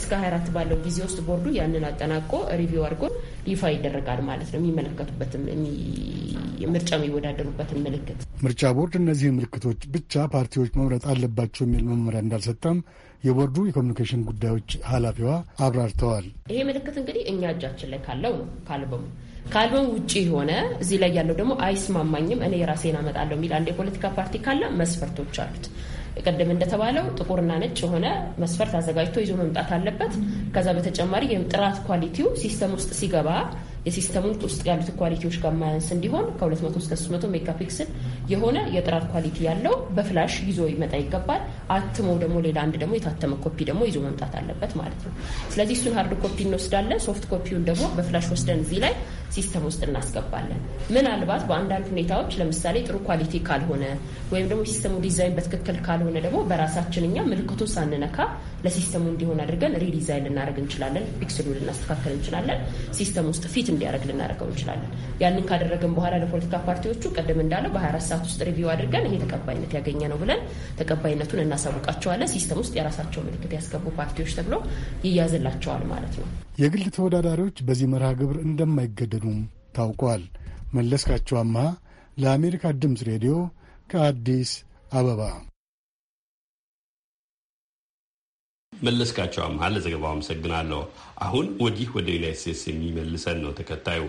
እስከ 24 ባለው ጊዜ ውስጥ ቦርዱ ያንን አጠናቆ ሪቪው አድርጎ ይፋ ይደረጋል ማለት ነው። የሚመለከቱበትም ምርጫ የሚወዳደሩበትን ምልክት ምርጫ ቦርድ እነዚህ ምልክቶች ብቻ ፓርቲዎች መምረጥ አለባቸው የሚል መመሪያ እንዳልሰጠም የቦርዱ የኮሚኒኬሽን ጉዳዮች ኃላፊዋ አብራርተዋል። ይሄ ምልክት እንግዲህ እኛ እጃችን ላይ ካለው ነው ካልበሙ ከአልበም ውጭ የሆነ እዚህ ላይ ያለው ደግሞ አይስማማኝም፣ እኔ የራሴን አመጣለሁ የሚል አንድ የፖለቲካ ፓርቲ ካለ መስፈርቶች አሉት። ቅድም እንደተባለው ጥቁርና ነጭ የሆነ መስፈርት አዘጋጅቶ ይዞ መምጣት አለበት። ከዛ በተጨማሪ ጥራት ኳሊቲው ሲስተም ውስጥ ሲገባ የሲስተሙ ውስጥ ያሉት ኳሊቲዎች ጋር ማያንስ እንዲሆን ከ200 እስከ 300 ሜጋፒክስል የሆነ የጥራት ኳሊቲ ያለው በፍላሽ ይዞ ይመጣ ይገባል። አትሞ ደግሞ ሌላ አንድ ደግሞ የታተመ ኮፒ ደግሞ ይዞ መምጣት አለበት ማለት ነው። ስለዚህ እሱን ሀርድ ኮፒ እንወስዳለን። ሶፍት ኮፒውን ደግሞ በፍላሽ ወስደን እዚህ ላይ ሲስተም ውስጥ እናስገባለን። ምናልባት በአንዳንድ ሁኔታዎች ለምሳሌ ጥሩ ኳሊቲ ካልሆነ ወይም ደግሞ ሲስተሙ ዲዛይን በትክክል ካልሆነ ደግሞ በራሳችን እኛ ምልክቱ ሳንነካ ለሲስተሙ እንዲሆን አድርገን ሪዲዛይን ልናደርግ እንችላለን። ፒክስሉ ልናስተካከል እንችላለን። ሲስተም ውስጥ ፊት እንዲያደርግ ልናደርገው እንችላለን። ያንን ካደረግን በኋላ ለፖለቲካ ፓርቲዎቹ ቅድም እንዳለው በ24 ሰዓት ውስጥ ሪቪው አድርገን ይሄ ተቀባይነት ያገኘ ነው ብለን ተቀባይነቱን እናሳውቃቸዋለን። ሲስተም ውስጥ የራሳቸው ምልክት ያስገቡ ፓርቲዎች ተብሎ ይያዝላቸዋል ማለት ነው። የግል ተወዳዳሪዎች በዚህ መርሃ ግብር እንደማይገደዱም ታውቋል። መለስካቸው አማሃ ለአሜሪካ ድምፅ ሬዲዮ ከአዲስ አበባ። መለስካቸው አመሀል ለዘገባው አመሰግናለሁ። አሁን ወዲህ ወደ ዩናይት ስቴትስ የሚመልሰን ነው ተከታዩ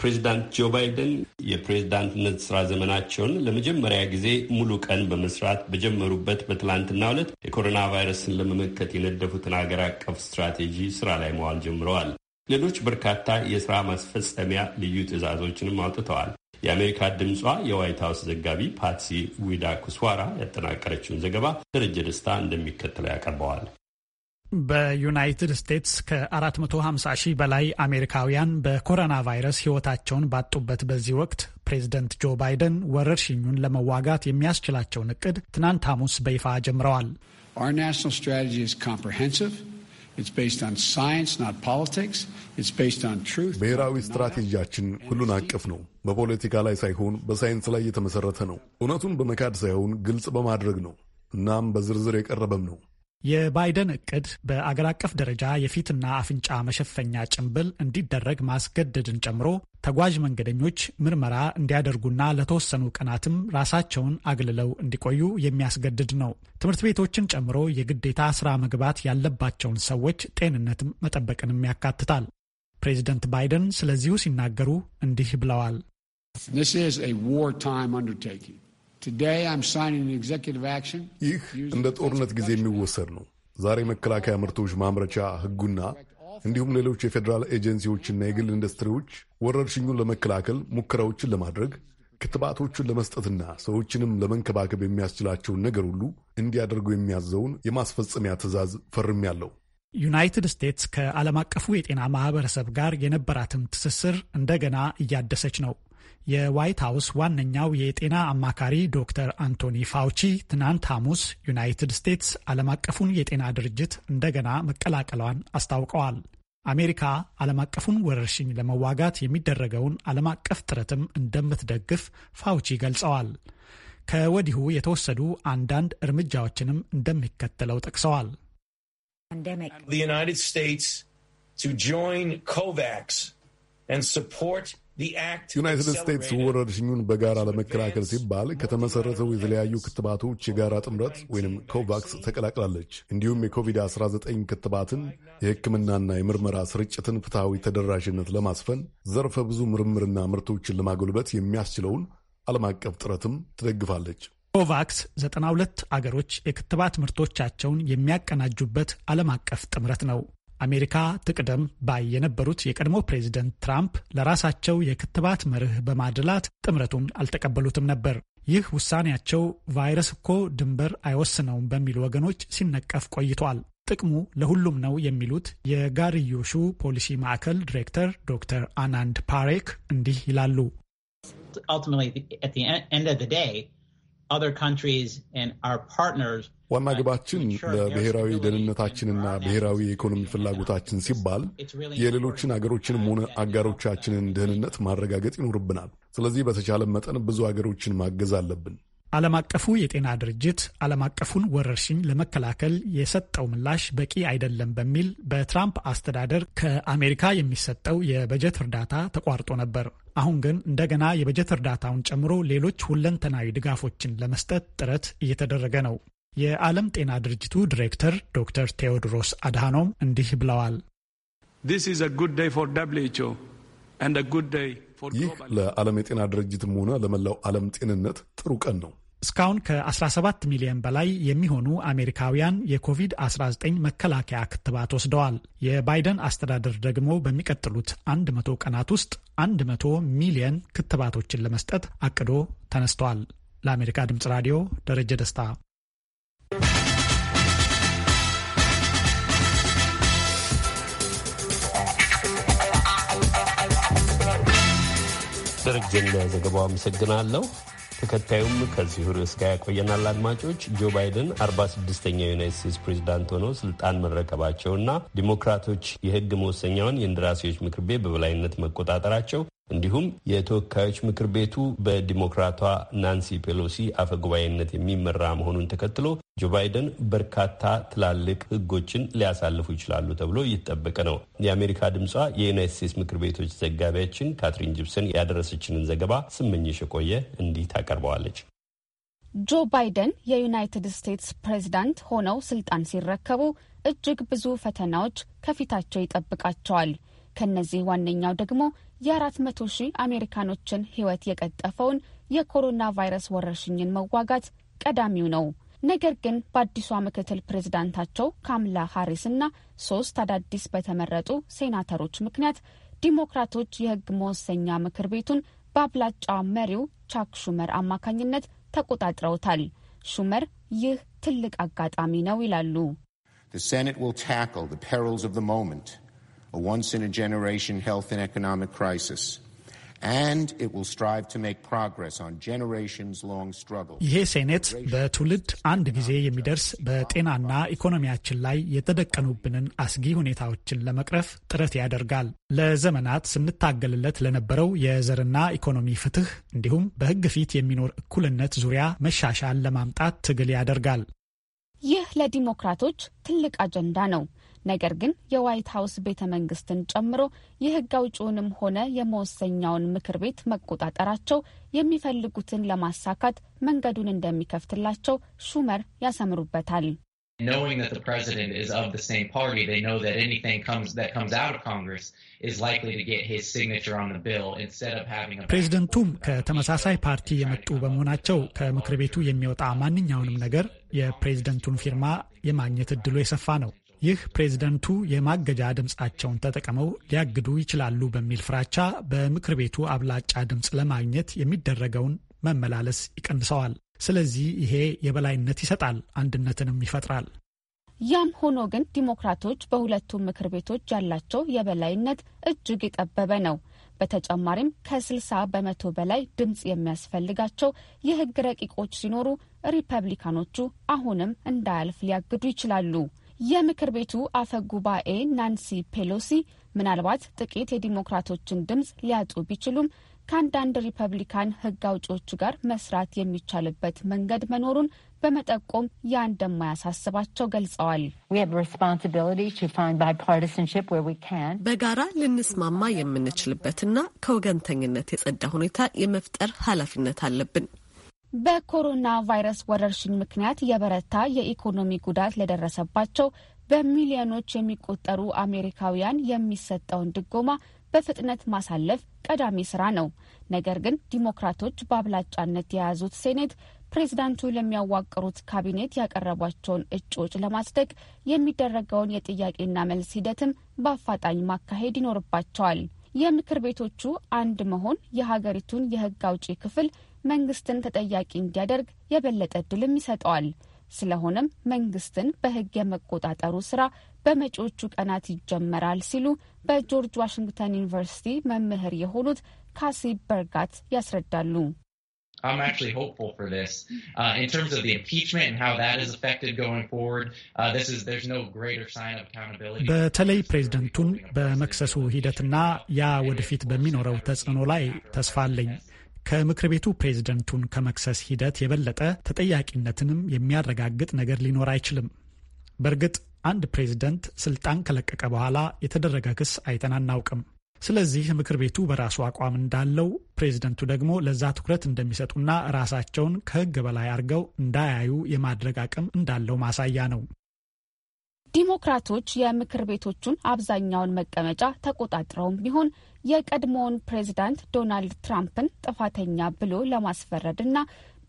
ፕሬዚዳንት ጆ ባይደን የፕሬዚዳንትነት ስራ ዘመናቸውን ለመጀመሪያ ጊዜ ሙሉ ቀን በመስራት በጀመሩበት በትላንትናው ዕለት የኮሮና ቫይረስን ለመመከት የነደፉትን አገር አቀፍ ስትራቴጂ ስራ ላይ መዋል ጀምረዋል። ሌሎች በርካታ የስራ ማስፈጸሚያ ልዩ ትዕዛዞችንም አውጥተዋል። የአሜሪካ ድምጿ የዋይት ሀውስ ዘጋቢ ፓትሲ ዊዳ ኩስዋራ ያጠናቀረችውን ዘገባ ደረጀ ደስታ እንደሚከተለው ያቀርበዋል። በዩናይትድ ስቴትስ ከ450 ሺህ በላይ አሜሪካውያን በኮሮና ቫይረስ ሕይወታቸውን ባጡበት በዚህ ወቅት ፕሬዝደንት ጆ ባይደን ወረርሽኙን ለመዋጋት የሚያስችላቸውን እቅድ ትናንት ሐሙስ በይፋ ጀምረዋል። ብሔራዊ ስትራቴጂያችን ሁሉን አቀፍ ነው። በፖለቲካ ላይ ሳይሆን በሳይንስ ላይ የተመሠረተ ነው። እውነቱን በመካድ ሳይሆን ግልጽ በማድረግ ነው። እናም በዝርዝር የቀረበም ነው። የባይደን እቅድ በአገር አቀፍ ደረጃ የፊትና አፍንጫ መሸፈኛ ጭንብል እንዲደረግ ማስገደድን ጨምሮ ተጓዥ መንገደኞች ምርመራ እንዲያደርጉና ለተወሰኑ ቀናትም ራሳቸውን አግልለው እንዲቆዩ የሚያስገድድ ነው። ትምህርት ቤቶችን ጨምሮ የግዴታ ስራ መግባት ያለባቸውን ሰዎች ጤንነትም መጠበቅንም ያካትታል። ፕሬዚደንት ባይደን ስለዚሁ ሲናገሩ እንዲህ ብለዋል። This is a wartime undertaking. ይህ እንደ ጦርነት ጊዜ የሚወሰድ ነው። ዛሬ መከላከያ ምርቶች ማምረቻ ህጉና እንዲሁም ሌሎች የፌዴራል ኤጀንሲዎችና የግል ኢንዱስትሪዎች ወረርሽኙን ለመከላከል ሙከራዎችን ለማድረግ ክትባቶቹን ለመስጠትና ሰዎችንም ለመንከባከብ የሚያስችላቸውን ነገር ሁሉ እንዲያደርጉ የሚያዘውን የማስፈጸሚያ ትዕዛዝ ያለው ዩናይትድ ስቴትስ ከዓለም አቀፉ የጤና ማህበረሰብ ጋር የነበራትን ትስስር እንደገና እያደሰች ነው። የዋይት ሀውስ ዋነኛው የጤና አማካሪ ዶክተር አንቶኒ ፋውቺ ትናንት ሐሙስ ዩናይትድ ስቴትስ ዓለም አቀፉን የጤና ድርጅት እንደገና መቀላቀሏን አስታውቀዋል። አሜሪካ ዓለም አቀፉን ወረርሽኝ ለመዋጋት የሚደረገውን ዓለም አቀፍ ጥረትም እንደምትደግፍ ፋውቺ ገልጸዋል። ከወዲሁ የተወሰዱ አንዳንድ እርምጃዎችንም እንደሚከተለው ጠቅሰዋል። ዩናይትድ ስቴትስ ቱ ጆይን ኮቫክስ ኤንድ ሰፖርት ዩናይትድ ስቴትስ ወረርሽኙን በጋራ ለመከላከል ሲባል ከተመሠረተው የተለያዩ ክትባቶች የጋራ ጥምረት ወይም ኮቫክስ ተቀላቅላለች። እንዲሁም የኮቪድ-19 ክትባትን የሕክምናና የምርመራ ስርጭትን ፍትሐዊ ተደራሽነት ለማስፈን ዘርፈ ብዙ ምርምርና ምርቶችን ለማጎልበት የሚያስችለውን ዓለም አቀፍ ጥረትም ትደግፋለች። ኮቫክስ 92 አገሮች የክትባት ምርቶቻቸውን የሚያቀናጁበት ዓለም አቀፍ ጥምረት ነው። አሜሪካ ትቅደም ባይ የነበሩት የቀድሞ ፕሬዚደንት ትራምፕ ለራሳቸው የክትባት መርህ በማድላት ጥምረቱን አልተቀበሉትም ነበር። ይህ ውሳኔያቸው ቫይረስ እኮ ድንበር አይወስነውም በሚሉ ወገኖች ሲነቀፍ ቆይቷል። ጥቅሙ ለሁሉም ነው የሚሉት የጋርዮሹ ፖሊሲ ማዕከል ዲሬክተር ዶክተር አናንድ ፓሬክ እንዲህ ይላሉ። ዋና ግባችን ለብሔራዊ ደህንነታችንና ብሔራዊ የኢኮኖሚ ፍላጎታችን ሲባል የሌሎችን አገሮችንም ሆነ አጋሮቻችንን ደህንነት ማረጋገጥ ይኖርብናል። ስለዚህ በተቻለ መጠን ብዙ አገሮችን ማገዝ አለብን። ዓለም አቀፉ የጤና ድርጅት ዓለም አቀፉን ወረርሽኝ ለመከላከል የሰጠው ምላሽ በቂ አይደለም በሚል በትራምፕ አስተዳደር ከአሜሪካ የሚሰጠው የበጀት እርዳታ ተቋርጦ ነበር። አሁን ግን እንደገና የበጀት እርዳታውን ጨምሮ ሌሎች ሁለንተናዊ ድጋፎችን ለመስጠት ጥረት እየተደረገ ነው። የዓለም ጤና ድርጅቱ ዲሬክተር ዶክተር ቴዎድሮስ አድሃኖም እንዲህ ብለዋል። ይህ ለዓለም የጤና ድርጅትም ሆነ ለመላው ዓለም ጤንነት ጥሩ ቀን ነው። እስካሁን ከ17 ሚሊዮን በላይ የሚሆኑ አሜሪካውያን የኮቪድ-19 መከላከያ ክትባት ወስደዋል። የባይደን አስተዳደር ደግሞ በሚቀጥሉት 100 ቀናት ውስጥ 100 ሚሊዮን ክትባቶችን ለመስጠት አቅዶ ተነስተዋል። ለአሜሪካ ድምፅ ራዲዮ ደረጀ ደስታ። ደረጀን ለዘገባው አመሰግናለሁ። ተከታዩም ከዚሁ ርዕስ ጋር ያቆየናል። አድማጮች ጆ ባይደን አርባ ስድስተኛው የዩናይት ስቴትስ ፕሬዚዳንት ሆነው ስልጣን መረከባቸውና ዲሞክራቶች የህግ መወሰኛውን የእንደራሴዎች ምክር ቤት በበላይነት መቆጣጠራቸው እንዲሁም የተወካዮች ምክር ቤቱ በዲሞክራቷ ናንሲ ፔሎሲ አፈጉባኤነት የሚመራ መሆኑን ተከትሎ ጆ ባይደን በርካታ ትላልቅ ሕጎችን ሊያሳልፉ ይችላሉ ተብሎ እየተጠበቀ ነው። የአሜሪካ ድምጿ የዩናይት ስቴትስ ምክር ቤቶች ዘጋቢያችን ካትሪን ጂፕሰን ያደረሰችንን ዘገባ ስመኝሽ የቆየ እንዲህ ታቀርበዋለች። ጆ ባይደን የዩናይትድ ስቴትስ ፕሬዝዳንት ሆነው ስልጣን ሲረከቡ እጅግ ብዙ ፈተናዎች ከፊታቸው ይጠብቃቸዋል። ከነዚህ ዋነኛው ደግሞ የአራት መቶ ሺህ አሜሪካኖችን ሕይወት የቀጠፈውን የኮሮና ቫይረስ ወረርሽኝን መዋጋት ቀዳሚው ነው። ነገር ግን በአዲሷ ምክትል ፕሬዝዳንታቸው ካምላ ሃሪስ እና ሶስት አዳዲስ በተመረጡ ሴናተሮች ምክንያት ዲሞክራቶች የህግ መወሰኛ ምክር ቤቱን በአብላጫ መሪው ቻክ ሹመር አማካኝነት ተቆጣጥረውታል። ሹመር ይህ ትልቅ አጋጣሚ ነው ይላሉ። The Senate will tackle the perils of the moment. a once in a generation health and economic crisis. And it will strive to make progress on generations long struggle. ይሄ ሴኔት በትውልድ አንድ ጊዜ የሚደርስ በጤናና ኢኮኖሚያችን ላይ የተደቀኑብንን አስጊ ሁኔታዎችን ለመቅረፍ ጥረት ያደርጋል። ለዘመናት ስንታገልለት ለነበረው የዘርና ኢኮኖሚ ፍትህ እንዲሁም በሕግ ፊት የሚኖር እኩልነት ዙሪያ መሻሻል ለማምጣት ትግል ያደርጋል። ይህ ለዲሞክራቶች ትልቅ አጀንዳ ነው። ነገር ግን የዋይት ሀውስ ቤተ መንግስትን ጨምሮ የህግ አውጪውንም ሆነ የመወሰኛውን ምክር ቤት መቆጣጠራቸው የሚፈልጉትን ለማሳካት መንገዱን እንደሚከፍትላቸው ሹመር ያሰምሩበታል። knowing that the president is of the same party, they know that anything comes that comes out of Congress is likely to get his signature on the bill instead of having a ፕሬዝደንቱም ከተመሳሳይ ፓርቲ የመጡ በመሆናቸው ከምክር ቤቱ የሚወጣ ማንኛውንም ነገር የፕሬዝደንቱን ፊርማ የማግኘት እድሉ የሰፋ ነው። ይህ ፕሬዝደንቱ የማገጃ ድምፃቸውን ተጠቅመው ሊያግዱ ይችላሉ በሚል ፍራቻ በምክር ቤቱ አብላጫ ድምፅ ለማግኘት የሚደረገውን መመላለስ ይቀንሰዋል። ስለዚህ ይሄ የበላይነት ይሰጣል፣ አንድነትንም ይፈጥራል። ያም ሆኖ ግን ዲሞክራቶች በሁለቱም ምክር ቤቶች ያላቸው የበላይነት እጅግ የጠበበ ነው። በተጨማሪም ከ60 በመቶ በላይ ድምፅ የሚያስፈልጋቸው የህግ ረቂቆች ሲኖሩ ሪፐብሊካኖቹ አሁንም እንዳያልፍ ሊያግዱ ይችላሉ። የምክር ቤቱ አፈ ጉባኤ ናንሲ ፔሎሲ ምናልባት ጥቂት የዲሞክራቶችን ድምፅ ሊያጡ ቢችሉም ከአንዳንድ ሪፐብሊካን ሕግ አውጪዎቹ ጋር መስራት የሚቻልበት መንገድ መኖሩን በመጠቆም ያ እንደማያሳስባቸው ገልጸዋል። በጋራ ልንስማማ የምንችልበትና ከወገንተኝነት የጸዳ ሁኔታ የመፍጠር ኃላፊነት አለብን። በኮሮና ቫይረስ ወረርሽኝ ምክንያት የበረታ የኢኮኖሚ ጉዳት ለደረሰባቸው በሚሊዮኖች የሚቆጠሩ አሜሪካውያን የሚሰጠውን ድጎማ በፍጥነት ማሳለፍ ቀዳሚ ስራ ነው። ነገር ግን ዲሞክራቶች በአብላጫነት የያዙት ሴኔት ፕሬዚዳንቱ ለሚያዋቅሩት ካቢኔት ያቀረቧቸውን እጩዎች ለማጽደቅ የሚደረገውን የጥያቄና መልስ ሂደትም በአፋጣኝ ማካሄድ ይኖርባቸዋል። የምክር ቤቶቹ አንድ መሆን የሀገሪቱን የህግ አውጪ ክፍል መንግስትን ተጠያቂ እንዲያደርግ የበለጠ እድልም ይሰጠዋል። ስለሆነም መንግስትን በህግ የመቆጣጠሩ ስራ በመጪዎቹ ቀናት ይጀመራል ሲሉ በጆርጅ ዋሽንግተን ዩኒቨርሲቲ መምህር የሆኑት ካሲ በርጋት ያስረዳሉ። I'm actually hopeful for this. Uh, in terms of the impeachment and how that is affected going forward, uh, this is there's no greater sign of accountability. በተለይ ፕሬዝደንቱን በመክሰሱ ሂደትና ያ ወደፊት በሚኖረው ተጽዕኖ ላይ ተስፋ አለኝ። ከምክር ቤቱ ፕሬዝደንቱን ከመክሰስ ሂደት የበለጠ ተጠያቂነትንም የሚያረጋግጥ ነገር ሊኖር አይችልም። በእርግጥ አንድ ፕሬዝደንት ስልጣን ከለቀቀ በኋላ የተደረገ ክስ አይተን አናውቅም። ስለዚህ ምክር ቤቱ በራሱ አቋም እንዳለው ፕሬዝደንቱ ደግሞ ለዛ ትኩረት እንደሚሰጡና ራሳቸውን ከሕግ በላይ አድርገው እንዳያዩ የማድረግ አቅም እንዳለው ማሳያ ነው። ዲሞክራቶች የምክር ቤቶቹን አብዛኛውን መቀመጫ ተቆጣጥረውም ቢሆን የቀድሞውን ፕሬዚዳንት ዶናልድ ትራምፕን ጥፋተኛ ብሎ ለማስፈረድ እና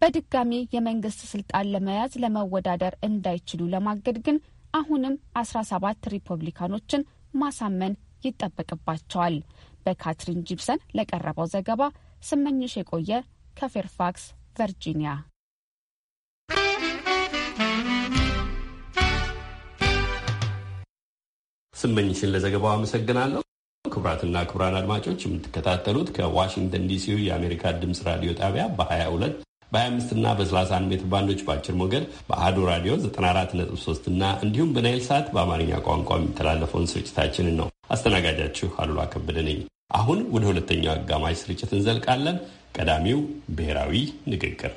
በድጋሚ የመንግስት ስልጣን ለመያዝ ለመወዳደር እንዳይችሉ ለማገድ ግን አሁንም 17 ሪፐብሊካኖችን ማሳመን ይጠበቅባቸዋል። በካትሪን ጂፕሰን ለቀረበው ዘገባ ስመኝሽ የቆየ ከፌርፋክስ ቨርጂኒያ ስመኝሽን ለዘገባው አመሰግናለሁ። ክቡራትና ክቡራን አድማጮች የምትከታተሉት ከዋሽንግተን ዲሲ የአሜሪካ ድምፅ ራዲዮ ጣቢያ በ22 በ25 እና በ31 ሜትር ባንዶች በአጭር ሞገድ በአዶ ራዲዮ 94.3 እና እንዲሁም በናይል ሰዓት በአማርኛ ቋንቋ የሚተላለፈውን ስርጭታችንን ነው። አስተናጋጃችሁ አሉላ ከበደ ነኝ። አሁን ወደ ሁለተኛው አጋማሽ ስርጭት እንዘልቃለን። ቀዳሚው ብሔራዊ ንግግር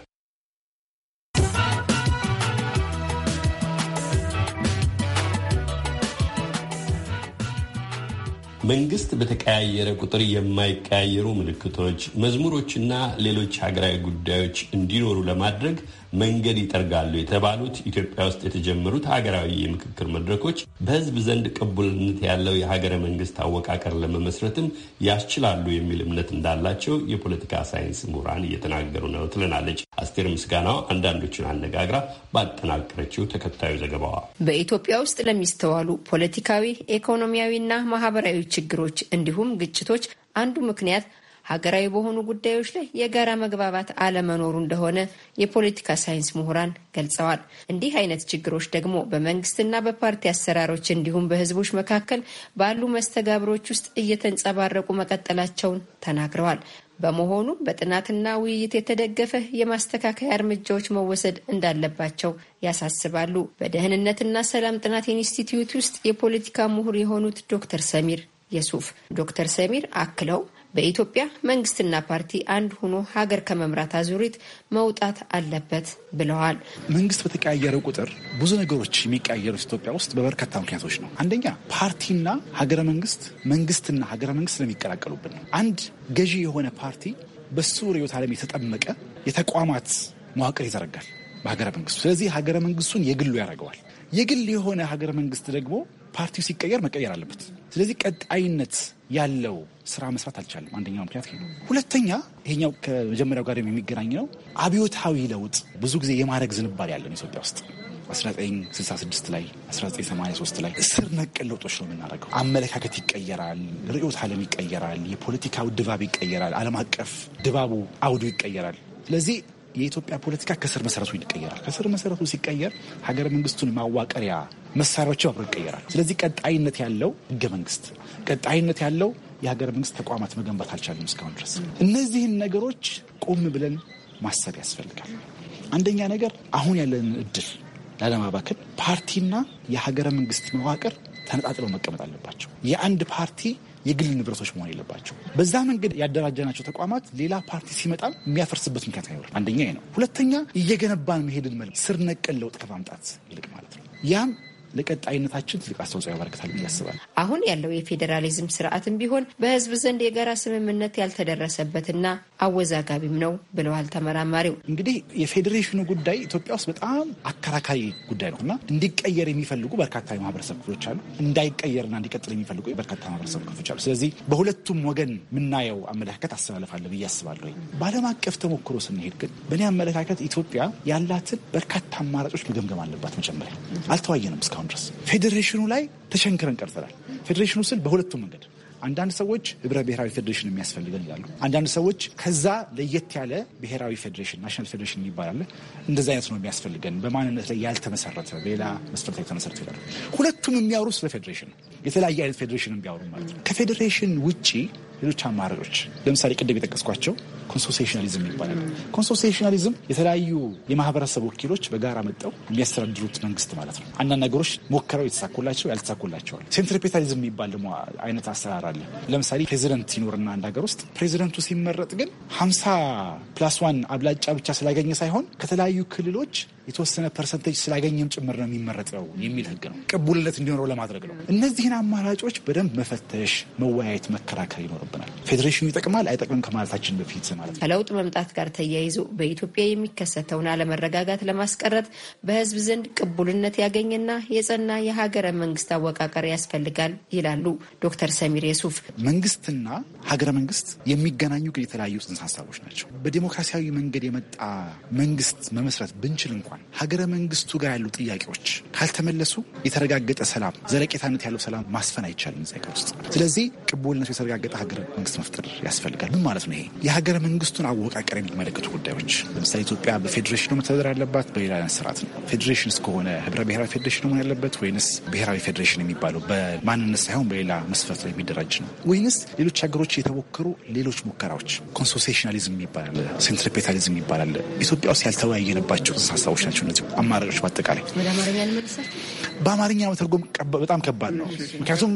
መንግስት በተቀያየረ ቁጥር የማይቀያየሩ ምልክቶች፣ መዝሙሮችና ሌሎች ሀገራዊ ጉዳዮች እንዲኖሩ ለማድረግ መንገድ ይጠርጋሉ የተባሉት ኢትዮጵያ ውስጥ የተጀመሩት ሀገራዊ የምክክር መድረኮች በህዝብ ዘንድ ቅቡልነት ያለው የሀገረ መንግስት አወቃቀር ለመመስረትም ያስችላሉ የሚል እምነት እንዳላቸው የፖለቲካ ሳይንስ ምሁራን እየተናገሩ ነው ትለናለች አስቴር ምስጋናው አንዳንዶችን አነጋግራ ባጠናቀረችው ተከታዩ ዘገባዋ። በኢትዮጵያ ውስጥ ለሚስተዋሉ ፖለቲካዊ፣ ኢኮኖሚያዊና ማህበራዊ ችግሮች እንዲሁም ግጭቶች አንዱ ምክንያት ሀገራዊ በሆኑ ጉዳዮች ላይ የጋራ መግባባት አለመኖሩ እንደሆነ የፖለቲካ ሳይንስ ምሁራን ገልጸዋል። እንዲህ አይነት ችግሮች ደግሞ በመንግስትና በፓርቲ አሰራሮች እንዲሁም በህዝቦች መካከል ባሉ መስተጋብሮች ውስጥ እየተንጸባረቁ መቀጠላቸውን ተናግረዋል። በመሆኑ በጥናትና ውይይት የተደገፈ የማስተካከያ እርምጃዎች መወሰድ እንዳለባቸው ያሳስባሉ። በደህንነትና ሰላም ጥናት ኢንስቲትዩት ውስጥ የፖለቲካ ምሁር የሆኑት ዶክተር ሰሚር የሱፍ ዶክተር ሰሚር አክለው በኢትዮጵያ መንግስትና ፓርቲ አንድ ሆኖ ሀገር ከመምራት አዙሪት መውጣት አለበት ብለዋል። መንግስት በተቀያየረ ቁጥር ብዙ ነገሮች የሚቀያየሩት ኢትዮጵያ ውስጥ በበርካታ ምክንያቶች ነው። አንደኛ ፓርቲና ሀገረ መንግስት መንግስትና ሀገረ መንግስት ስለሚቀላቀሉብን ነው። አንድ ገዢ የሆነ ፓርቲ በሱ ርዕዮተ ዓለም የተጠመቀ የተቋማት መዋቅር ይዘረጋል በሀገረ መንግስቱ። ስለዚህ ሀገረ መንግስቱን የግሉ ያደርገዋል። የግል የሆነ ሀገረ መንግስት ደግሞ ፓርቲው ሲቀየር መቀየር አለበት። ስለዚህ ቀጣይነት ያለው ስራ መስራት አልቻለም። አንደኛው ምክንያት ነው። ሁለተኛ ይሄኛው ከመጀመሪያው ጋር የሚገናኝ ነው። አብዮታዊ ለውጥ ብዙ ጊዜ የማድረግ ዝንባሌ ያለን ኢትዮጵያ ውስጥ 1966 ላይ 1983 ላይ ስር ነቀል ለውጦች ነው የምናደርገው። አመለካከት ይቀየራል፣ ርዕዮተ ዓለም ይቀየራል፣ የፖለቲካው ድባብ ይቀየራል፣ ዓለም አቀፍ ድባቡ አውዱ ይቀየራል። ስለዚህ የኢትዮጵያ ፖለቲካ ከስር መሰረቱ ይቀየራል። ከስር መሰረቱ ሲቀየር ሀገረ መንግስቱን ማዋቀሪያ መሳሪያዎች አብሮ ይቀየራል። ስለዚህ ቀጣይነት ያለው ህገ መንግስት ቀጣይነት ያለው የሀገር መንግስት ተቋማት መገንባት አልቻለም እስካሁን ድረስ። እነዚህን ነገሮች ቆም ብለን ማሰብ ያስፈልጋል። አንደኛ ነገር አሁን ያለን እድል ላለማባከል ፓርቲና የሀገረ መንግስት መዋቅር ተነጣጥለው መቀመጥ አለባቸው። የአንድ ፓርቲ የግል ንብረቶች መሆን የለባቸው። በዛ መንገድ ያደራጀናቸው ተቋማት ሌላ ፓርቲ ሲመጣ የሚያፈርስበት ምክንያት አይኖርም። አንደኛ ነው። ሁለተኛ እየገነባን መሄድን መልክ ስር ነቀል ለውጥ ከማምጣት ይልቅ ማለት ነው። ያም ለቀጣይነታችን ትልቅ አስተዋጽኦ ያበረክታል ብዬ አስባለሁ። አሁን ያለው የፌዴራሊዝም ስርዓትም ቢሆን በህዝብ ዘንድ የጋራ ስምምነት ያልተደረሰበትና አወዛጋቢም ነው ብለዋል ተመራማሪው። እንግዲህ የፌዴሬሽኑ ጉዳይ ኢትዮጵያ ውስጥ በጣም አከራካሪ ጉዳይ ነው እና እንዲቀየር የሚፈልጉ በርካታ የማህበረሰብ ክፍሎች አሉ፣ እንዳይቀየርና እንዲቀጥል የሚፈልጉ በርካታ የማህበረሰብ ክፍሎች አሉ። ስለዚህ በሁለቱም ወገን የምናየው አመለካከት አስተላለፋለ ብዬ አስባለሁ። በዓለም አቀፍ ተሞክሮ ስንሄድ ግን በእኔ አመለካከት ኢትዮጵያ ያላትን በርካታ አማራጮች መገምገም አለባት። መጀመሪያ አልተዋየንም። እስካሁን ድረስ ፌዴሬሽኑ ላይ ተሸንክረን ቀርተናል። ፌዴሬሽኑ ስል በሁለቱም መንገድ አንዳንድ ሰዎች ህብረ ብሔራዊ ፌዴሬሽን የሚያስፈልገን ይላሉ። አንዳንድ ሰዎች ከዛ ለየት ያለ ብሔራዊ ፌዴሬሽን ናሽናል ፌዴሬሽን ይባላል። እንደዚ አይነት ነው የሚያስፈልገን፣ በማንነት ላይ ያልተመሰረተ ሌላ መስፈርት የተመሰረተ ይላሉ። ሁለቱም የሚያወሩ ስለ ፌዴሬሽን የተለያየ አይነት ፌዴሬሽን ቢያወሩ ማለት ነው። ከፌዴሬሽን ውጭ ሌሎች አማራጮች ለምሳሌ ቅድም የጠቀስኳቸው ኮንሶሴሽናሊዝም ይባላል። ኮንሶሴሽናሊዝም የተለያዩ የማህበረሰብ ወኪሎች በጋራ መጠው የሚያስተዳድሩት መንግስት ማለት ነው። አንዳንድ ነገሮች ሞክረው የተሳኩላቸው ያልተሳኩላቸዋል። ሴንትሪፔታሊዝም የሚባል ደግሞ አይነት አሰራር አለ። ለምሳሌ ፕሬዚደንት ይኖርና አንድ ሀገር ውስጥ ፕሬዚደንቱ ሲመረጥ ግን ሀምሳ ፕላስ ዋን አብላጫ ብቻ ስላገኘ ሳይሆን ከተለያዩ ክልሎች የተወሰነ ፐርሰንቴጅ ስላገኘም ጭምር ነው የሚመረጠው የሚል ህግ ነው። ቅቡልነት እንዲኖረው ለማድረግ ነው። እነዚህን አማራጮች በደንብ መፈተሽ፣ መወያየት፣ መከራከር ይኖርብናል። ፌዴሬሽኑ ይጠቅማል አይጠቅምም ከማለታችን በፊት ማለት ነው። ከለውጥ መምጣት ጋር ተያይዞ በኢትዮጵያ የሚከሰተውን አለመረጋጋት ለማስቀረት በህዝብ ዘንድ ቅቡልነት ያገኝና የጸና የሀገረ መንግስት አወቃቀር ያስፈልጋል ይላሉ ዶክተር ሰሚር የሱፍ። መንግስትና ሀገረ መንግስት የሚገናኙ ግን የተለያዩ ጽንሰ ሀሳቦች ናቸው። በዲሞክራሲያዊ መንገድ የመጣ መንግስት መመስረት ብንችል እንኳን ሀገረ መንግስቱ ጋር ያሉ ጥያቄዎች ካልተመለሱ የተረጋገጠ ሰላም፣ ዘለቄታነት ያለው ሰላም ማስፈን አይቻልም እዚህ ውስጥ። ስለዚህ ቅቡልነቱ የተረጋገጠ ሀገረ መንግስት መፍጠር ያስፈልጋል። ምን ማለት ነው ይሄ? የሀገረ መንግስቱን አወቃቀር የሚመለከቱ ጉዳዮች ለምሳሌ ኢትዮጵያ በፌዴሬሽኑ መተዳደር ያለባት በሌላ ስርዓት ነው። ፌዴሬሽን እስከሆነ ህብረ ብሔራዊ ፌዴሬሽን መሆን ያለበት ወይንስ ብሔራዊ ፌዴሬሽን የሚባለው በማንነት ሳይሆን በሌላ መስፈርት ላይ የሚደራጅ ነው ወይንስ ሌሎች ሀገሮች የተሞከሩ ሌሎች ሙከራዎች ኮንሶሴሽናሊዝም ይባላል፣ ሴንትሪፔታሊዝም ይባላል። ኢትዮጵያ ውስጥ ያልተወያየንባቸው ጽንሰ ሀሳቦች ናቸው። እነዚህ አማራጮች በአጠቃላይ በአማርኛ መተርጎም በጣም ከባድ ነው፣ ምክንያቱም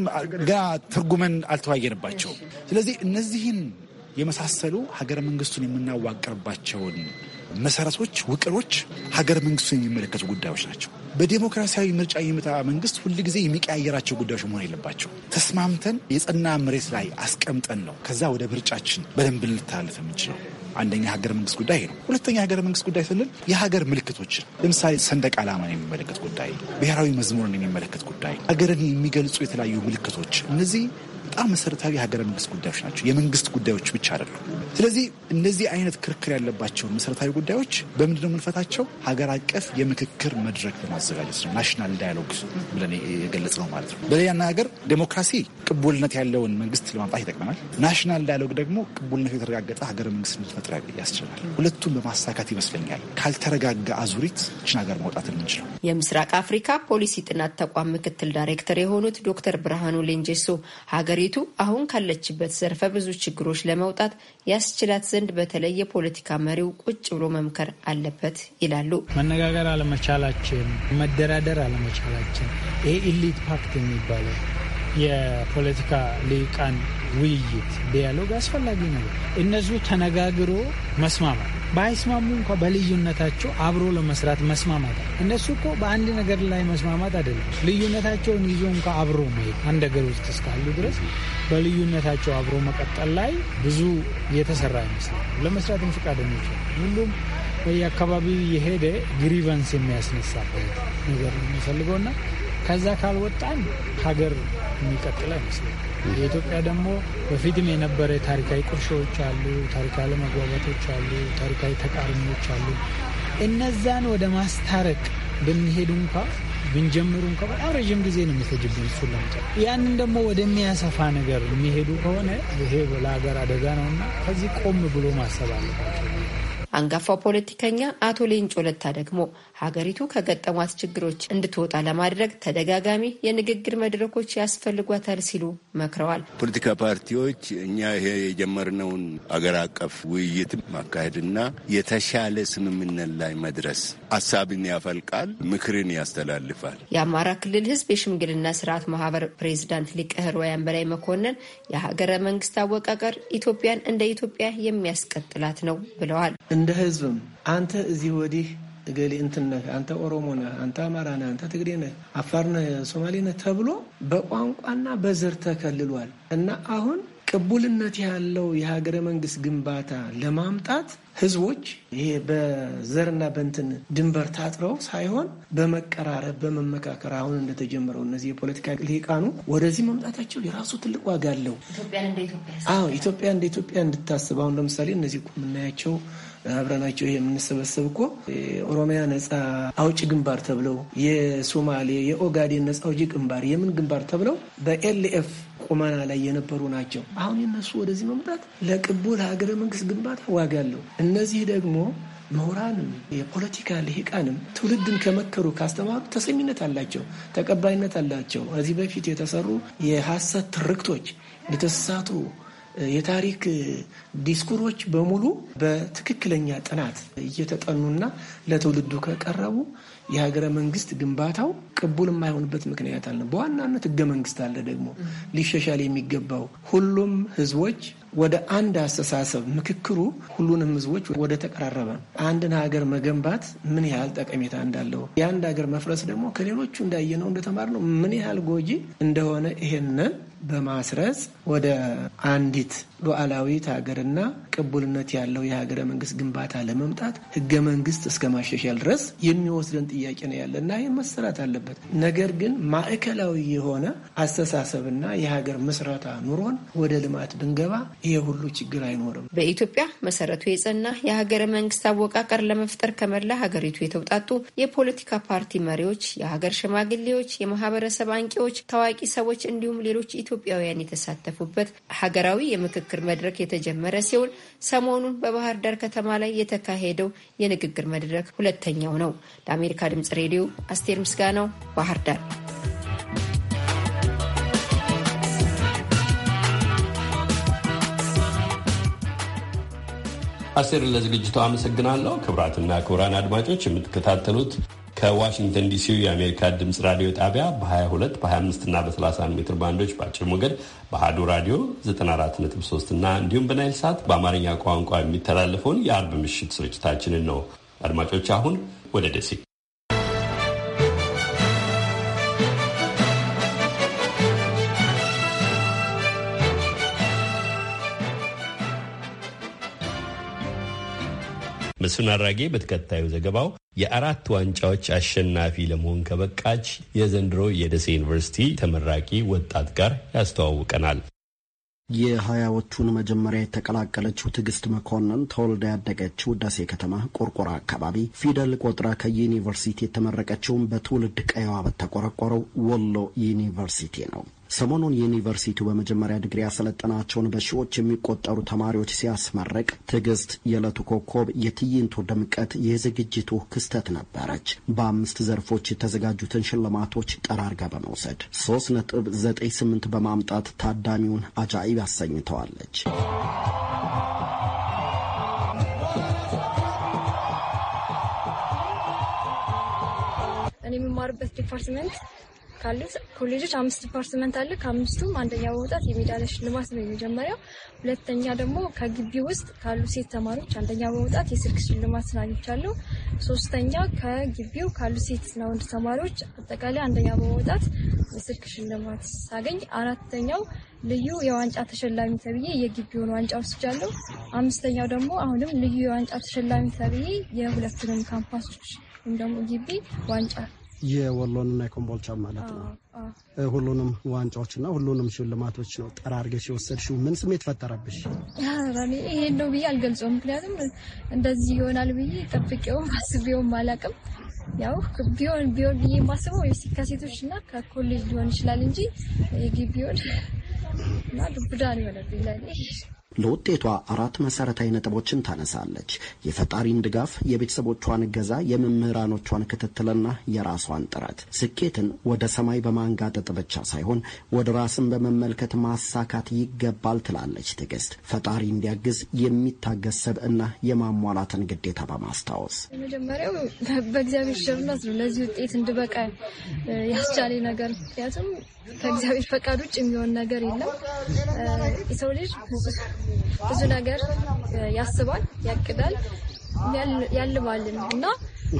ገና ትርጉመን አልተወያየንባቸውም። ስለዚህ እነዚህን የመሳሰሉ ሀገረ መንግስቱን የምናዋቅርባቸውን መሰረቶች፣ ውቅሮች ሀገረ መንግስቱን የሚመለከቱ ጉዳዮች ናቸው። በዴሞክራሲያዊ ምርጫ የሚመጣ መንግስት ሁልጊዜ የሚቀያየራቸው ጉዳዮች መሆን የለባቸው። ተስማምተን የጸና መሬት ላይ አስቀምጠን ነው ከዛ ወደ ምርጫችን በደንብ ልንተላለፍ የምንችለው። አንደኛ ሀገር መንግስት ጉዳይ ነው። ሁለተኛ ሀገር መንግስት ጉዳይ ስንል የሀገር ምልክቶችን ለምሳሌ ሰንደቅ ዓላማን የሚመለከት ጉዳይ፣ ብሔራዊ መዝሙርን የሚመለከት ጉዳይ፣ ሀገርን የሚገልጹ የተለያዩ ምልክቶች እነዚህ በጣም መሰረታዊ የሀገረ መንግስት ጉዳዮች ናቸው። የመንግስት ጉዳዮች ብቻ አይደሉም። ስለዚህ እነዚህ አይነት ክርክር ያለባቸውን መሰረታዊ ጉዳዮች በምንድን ነው የምንፈታቸው? ሀገር አቀፍ የምክክር መድረክ በማዘጋጀት ነው። ናሽናል ዳያሎግ ብለን የገለጽ ነው ማለት ነው። በሌላ ሀገር ዴሞክራሲ ቅቡልነት ያለውን መንግስት ለማምጣት ይጠቅመናል። ናሽናል ዳያሎግ ደግሞ ቅቡልነት የተረጋገጠ ሀገረ መንግስት እንድትፈጥር ያስችላል። ሁለቱም በማሳካት ይመስለኛል ካልተረጋጋ አዙሪት ችን ሀገር ማውጣት የምንችለው። የምስራቅ አፍሪካ ፖሊሲ ጥናት ተቋም ምክትል ዳይሬክተር የሆኑት ዶክተር ብርሃኑ ሌንጀሶ ሀገር ሀገሪቱ አሁን ካለችበት ዘርፈ ብዙ ችግሮች ለመውጣት ያስችላት ዘንድ በተለይ የፖለቲካ መሪው ቁጭ ብሎ መምከር አለበት ይላሉ። መነጋገር አለመቻላችን፣ መደራደር አለመቻላችን ይሄ ኢሊት ፓክት የሚባለው የፖለቲካ ልሂቃን ውይይት፣ ዲያሎግ አስፈላጊ ነገር እነዚሁ ተነጋግሮ መስማማት ባይስማሙ እንኳ በልዩነታቸው አብሮ ለመስራት መስማማት። እነሱ እኮ በአንድ ነገር ላይ መስማማት አይደለም፣ ልዩነታቸውን ይዞ እንኳ አብሮ መሄድ አንድ ነገር ውስጥ እስካሉ ድረስ በልዩነታቸው አብሮ መቀጠል ላይ ብዙ የተሰራ ይመስላል። ለመስራትም ፈቃደኞች ሁሉም በየአካባቢው የሄደ ግሪቨንስ የሚያስነሳበት ነገር ነው የሚፈልገውና ከዛ ካልወጣን ሀገር የሚቀጥል አይመስለኝ። የኢትዮጵያ ደግሞ በፊትም የነበረ ታሪካዊ ቁርሾዎች አሉ፣ ታሪካዊ አለመግባባቶች አሉ፣ ታሪካዊ ተቃርኖዎች አሉ። እነዛን ወደ ማስታረቅ ብንሄዱ እንኳ ብንጀምሩ እንኳ በጣም ረዥም ጊዜ ነው የሚፈጅብን። እሱ ለምጫ ያንን ደግሞ ወደሚያሰፋ ነገር የሚሄዱ ከሆነ ይሄ ለሀገር አደጋ ነውና ከዚህ ቆም ብሎ ማሰብ አለባቸው። አንጋፋው ፖለቲከኛ አቶ ሌንጮ ለታ ደግሞ ሀገሪቱ ከገጠሟት ችግሮች እንድትወጣ ለማድረግ ተደጋጋሚ የንግግር መድረኮች ያስፈልጓታል ሲሉ መክረዋል። ፖለቲካ ፓርቲዎች እኛ ይሄ የጀመርነውን አገር አቀፍ ውይይት ማካሄድና የተሻለ ስምምነት ላይ መድረስ ሀሳብን ያፈልቃል፣ ምክርን ያስተላልፋል። የአማራ ክልል ህዝብ የሽምግልና ስርዓት ማህበር ፕሬዚዳንት ሊቀ ወያን በላይ መኮንን የሀገረ መንግስት አወቃቀር ኢትዮጵያን እንደ ኢትዮጵያ የሚያስቀጥላት ነው ብለዋል። እንደ ህዝብም አንተ እዚህ ወዲህ እገሌ እንትን ነህ፣ አንተ ኦሮሞ ነህ፣ አንተ አማራ ነህ፣ አንተ ትግሬ ነህ፣ አፋር ነህ፣ ሶማሌ ነህ ተብሎ በቋንቋና በዘር ተከልሏል እና አሁን ቅቡልነት ያለው የሀገረ መንግስት ግንባታ ለማምጣት ህዝቦች ይሄ በዘርና በንትን ድንበር ታጥረው ሳይሆን በመቀራረብ በመመካከር አሁን እንደተጀመረው እነዚህ የፖለቲካ ሊቃኑ ወደዚህ መምጣታቸው የራሱ ትልቅ ዋጋ አለው። ኢትዮጵያ እንደ ኢትዮጵያ እንድታስብ አሁን ለምሳሌ እነዚህ የምናያቸው አብረናቸው የምንሰበሰብ እኮ የኦሮሚያ ነጻ አውጭ ግንባር ተብለው የሶማሌ የኦጋዴን ነጻ አውጭ ግንባር የምን ግንባር ተብለው በኤልኤፍ ቁመና ላይ የነበሩ ናቸው። አሁን የነሱ ወደዚህ መምጣት ለቅቡ ለሀገረ መንግስት ግንባታ ዋጋ አለው። እነዚህ ደግሞ ምሁራንም የፖለቲካ ልሂቃንም ትውልድን ከመከሩ ካስተማሩ ተሰሚነት አላቸው፣ ተቀባይነት አላቸው። እዚህ በፊት የተሰሩ የሀሰት ትርክቶች የተሳሳቱ የታሪክ ዲስኩሮች በሙሉ በትክክለኛ ጥናት እየተጠኑና ለትውልዱ ከቀረቡ የሀገረ መንግስት ግንባታው ቅቡል የማይሆንበት ምክንያት አለ። በዋናነት ህገ መንግስት አለ ደግሞ ሊሻሻል የሚገባው ሁሉም ህዝቦች ወደ አንድ አስተሳሰብ ምክክሩ ሁሉንም ህዝቦች ወደ ተቀራረበ አንድን ሀገር መገንባት ምን ያህል ጠቀሜታ እንዳለው የአንድ ሀገር መፍረስ ደግሞ ከሌሎቹ እንዳየነው እንደተማርነው ምን ያህል ጎጂ እንደሆነ ይሄንን በማስረጽ ወደ አንዲት ሉዓላዊት ሀገርና ቅቡልነት ያለው የሀገረ መንግስት ግንባታ ለመምጣት ህገ መንግስት እስከ ማሻሻል ድረስ የሚወስደን ጥያቄ ነው ያለ እና ይህ መሰራት አለበት። ነገር ግን ማዕከላዊ የሆነ አስተሳሰብና የሀገር ምስረታ ኑሮን ወደ ልማት ብንገባ ይሄ ሁሉ ችግር አይኖርም። በኢትዮጵያ መሰረቱ የጸና የሀገረ መንግስት አወቃቀር ለመፍጠር ከመላ ሀገሪቱ የተውጣጡ የፖለቲካ ፓርቲ መሪዎች፣ የሀገር ሽማግሌዎች፣ የማህበረሰብ አንቂዎች፣ ታዋቂ ሰዎች እንዲሁም ሌሎች ኢትዮጵያውያን የተሳተፉበት ሀገራዊ የምክክር መድረክ የተጀመረ ሲሆን ሰሞኑን በባህር ዳር ከተማ ላይ የተካሄደው የንግግር መድረክ ሁለተኛው ነው። ለአሜሪካ ድምጽ ሬዲዮ አስቴር ምስጋናው ባህር ዳር። አስቴርን ለዝግጅቱ አመሰግናለሁ። ክቡራትና ክቡራን አድማጮች የምትከታተሉት ከዋሽንግተን ዲሲ የአሜሪካ ድምፅ ራዲዮ ጣቢያ በ22 በ25 እና በ31 ሜትር ባንዶች በአጭር ሞገድ በአሀዱ ራዲዮ 94.3 እና እንዲሁም በናይል ሰዓት በአማርኛ ቋንቋ የሚተላለፈውን የአርብ ምሽት ስርጭታችንን ነው። አድማጮች አሁን ወደ ደሴ መስፍን አራጌ በተከታዩ ዘገባው የአራት ዋንጫዎች አሸናፊ ለመሆን ከበቃች የዘንድሮ የደሴ ዩኒቨርሲቲ ተመራቂ ወጣት ጋር ያስተዋውቀናል። የሀያዎቹን መጀመሪያ የተቀላቀለችው ትዕግስት መኮንን ተወልዳ ያደገችው ደሴ ከተማ ቆርቆራ አካባቢ ፊደል ቆጥራ ከዩኒቨርሲቲ የተመረቀችውን በትውልድ ቀየዋ በተቆረቆረው ወሎ ዩኒቨርሲቲ ነው። ሰሞኑን ዩኒቨርሲቲው በመጀመሪያ ዲግሪ ያሰለጠናቸውን በሺዎች የሚቆጠሩ ተማሪዎች ሲያስመርቅ ትዕግስት የዕለቱ ኮከብ የትዕይንቱ ድምቀት የዝግጅቱ ክስተት ነበረች። በአምስት ዘርፎች የተዘጋጁትን ሽልማቶች ጠራርጋ በመውሰድ ሶስት ነጥብ ዘጠኝ ስምንት በማምጣት ታዳሚውን አጃኢብ አሰኝተዋለች። እኔ የምማርበት ዲፓርትመንት ካሉት ኮሌጆች አምስት ዲፓርትመንት አለ። ከአምስቱም አንደኛ በመውጣት የሜዳሊያ ሽልማት ነው የመጀመሪያው። ሁለተኛ ደግሞ ከግቢ ውስጥ ካሉ ሴት ተማሪዎች አንደኛ በመውጣት የስልክ ሽልማት አግኝቻለሁ። ሶስተኛ ከግቢው ካሉ ሴትና ወንድ ተማሪዎች አጠቃላይ አንደኛ በመውጣት የስልክ ሽልማት ሳገኝ፣ አራተኛው ልዩ የዋንጫ ተሸላሚ ተብዬ የግቢውን ዋንጫ ወስጃለሁ። አምስተኛው ደግሞ አሁንም ልዩ የዋንጫ ተሸላሚ ተብዬ የሁለቱንም ካምፓሶች ወይም ደግሞ ግቢ ዋንጫ የወሎንና የኮምቦልቻ ማለት ነው። ሁሉንም ዋንጫዎችና ሁሉንም ሽልማቶች ነው ጠራርገሽ የወሰድሽው። ምን ስሜት ፈጠረብሽ? ይሄን ነው ብዬ አልገልጸውም። ምክንያቱም እንደዚህ ይሆናል ብዬ ጠብቄውም <laughs> አስቤውም አላቅም። ያው ቢሆን ቢሆን ብዬ ማስበው ከሴቶች እና ከኮሌጅ ሊሆን ይችላል እንጂ የግቢውን <laughs> እና ዱብዳ ነው የሆነብኝ ለእኔ ለውጤቷ አራት መሰረታዊ ነጥቦችን ታነሳለች። የፈጣሪን ድጋፍ፣ የቤተሰቦቿን እገዛ፣ የመምህራኖቿን ክትትልና የራሷን ጥረት። ስኬትን ወደ ሰማይ በማንጋጠጥ ብቻ ሳይሆን ወደ ራስን በመመልከት ማሳካት ይገባል ትላለች ትዕግስት። ፈጣሪ እንዲያግዝ የሚታገስ ሰብእና የማሟላትን ግዴታ በማስታወስ መጀመሪያው በእግዚአብሔር ቸርነት ነው ለዚህ ውጤት እንድበቃ ያስቻለ ነገር ምክንያቱም ከእግዚአብሔር ፈቃድ ውጭ የሚሆን ነገር የለም የሰው ልጅ ብዙ ነገር ያስባል፣ ያቅዳል፣ ያልማልን እና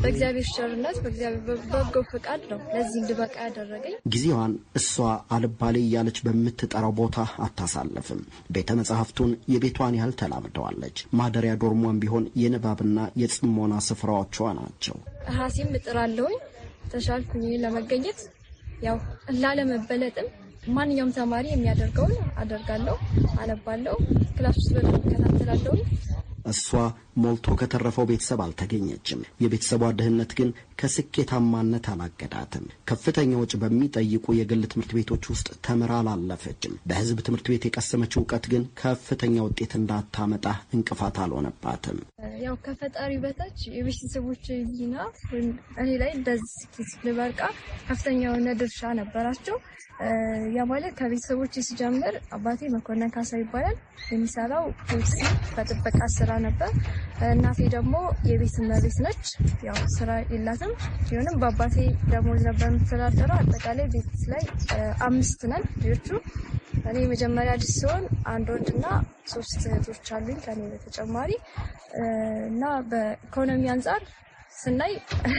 በእግዚአብሔር ቸርነት በእግዚአብሔር በጎ ፈቃድ ነው ለዚህ እንድበቃ ያደረገኝ። ጊዜዋን እሷ አልባሌ እያለች በምትጠራው ቦታ አታሳልፍም ቤተ መጽሐፍቱን የቤቷን ያህል ተላምደዋለች። ማደሪያ ዶርሟን ቢሆን የንባብና የጽሞና ስፍራዎቿ ናቸው። ራሴም እጥራለሁኝ ተሻልኩኝ ለመገኘት ያው ላለመበለጥም ማንኛውም ተማሪ የሚያደርገውን አደርጋለሁ፣ አነባለሁ፣ ክላስ ውስጥ በደንብ እከታተላለሁ። እሷ ሞልቶ ከተረፈው ቤተሰብ አልተገኘችም። የቤተሰቧ ድህነት ግን ከስኬታማነት አላገዳትም። ከፍተኛ ወጪ በሚጠይቁ የግል ትምህርት ቤቶች ውስጥ ተምራ አላለፈችም። በህዝብ ትምህርት ቤት የቀሰመችው እውቀት ግን ከፍተኛ ውጤት እንዳታመጣ እንቅፋት አልሆነባትም። ያው ከፈጣሪ በታች የቤተሰቦች ጊና እኔ ላይ እንደዚህ ልበርቃ ከፍተኛ የሆነ ድርሻ ነበራቸው። ያ ማለት ከቤተሰቦች ሲጀምር አባቴ መኮንን ካሳ ይባላል። የሚሰራው ፖሊሲ በጥበቃ ስራ ነበር። እናቴ ደግሞ የቤት እመቤት ነች። ያው ስራ የላትም። ቢሆንም በአባቴ ደሞዝ ነበር የምተዳደረው። አጠቃላይ ቤት ላይ አምስት ነን ልጆቹ። እኔ መጀመሪያ ልጅ ሲሆን አንድ ወንድና ሶስት እህቶች አሉኝ ከኔ በተጨማሪ እና በኢኮኖሚ አንጻር ስናይ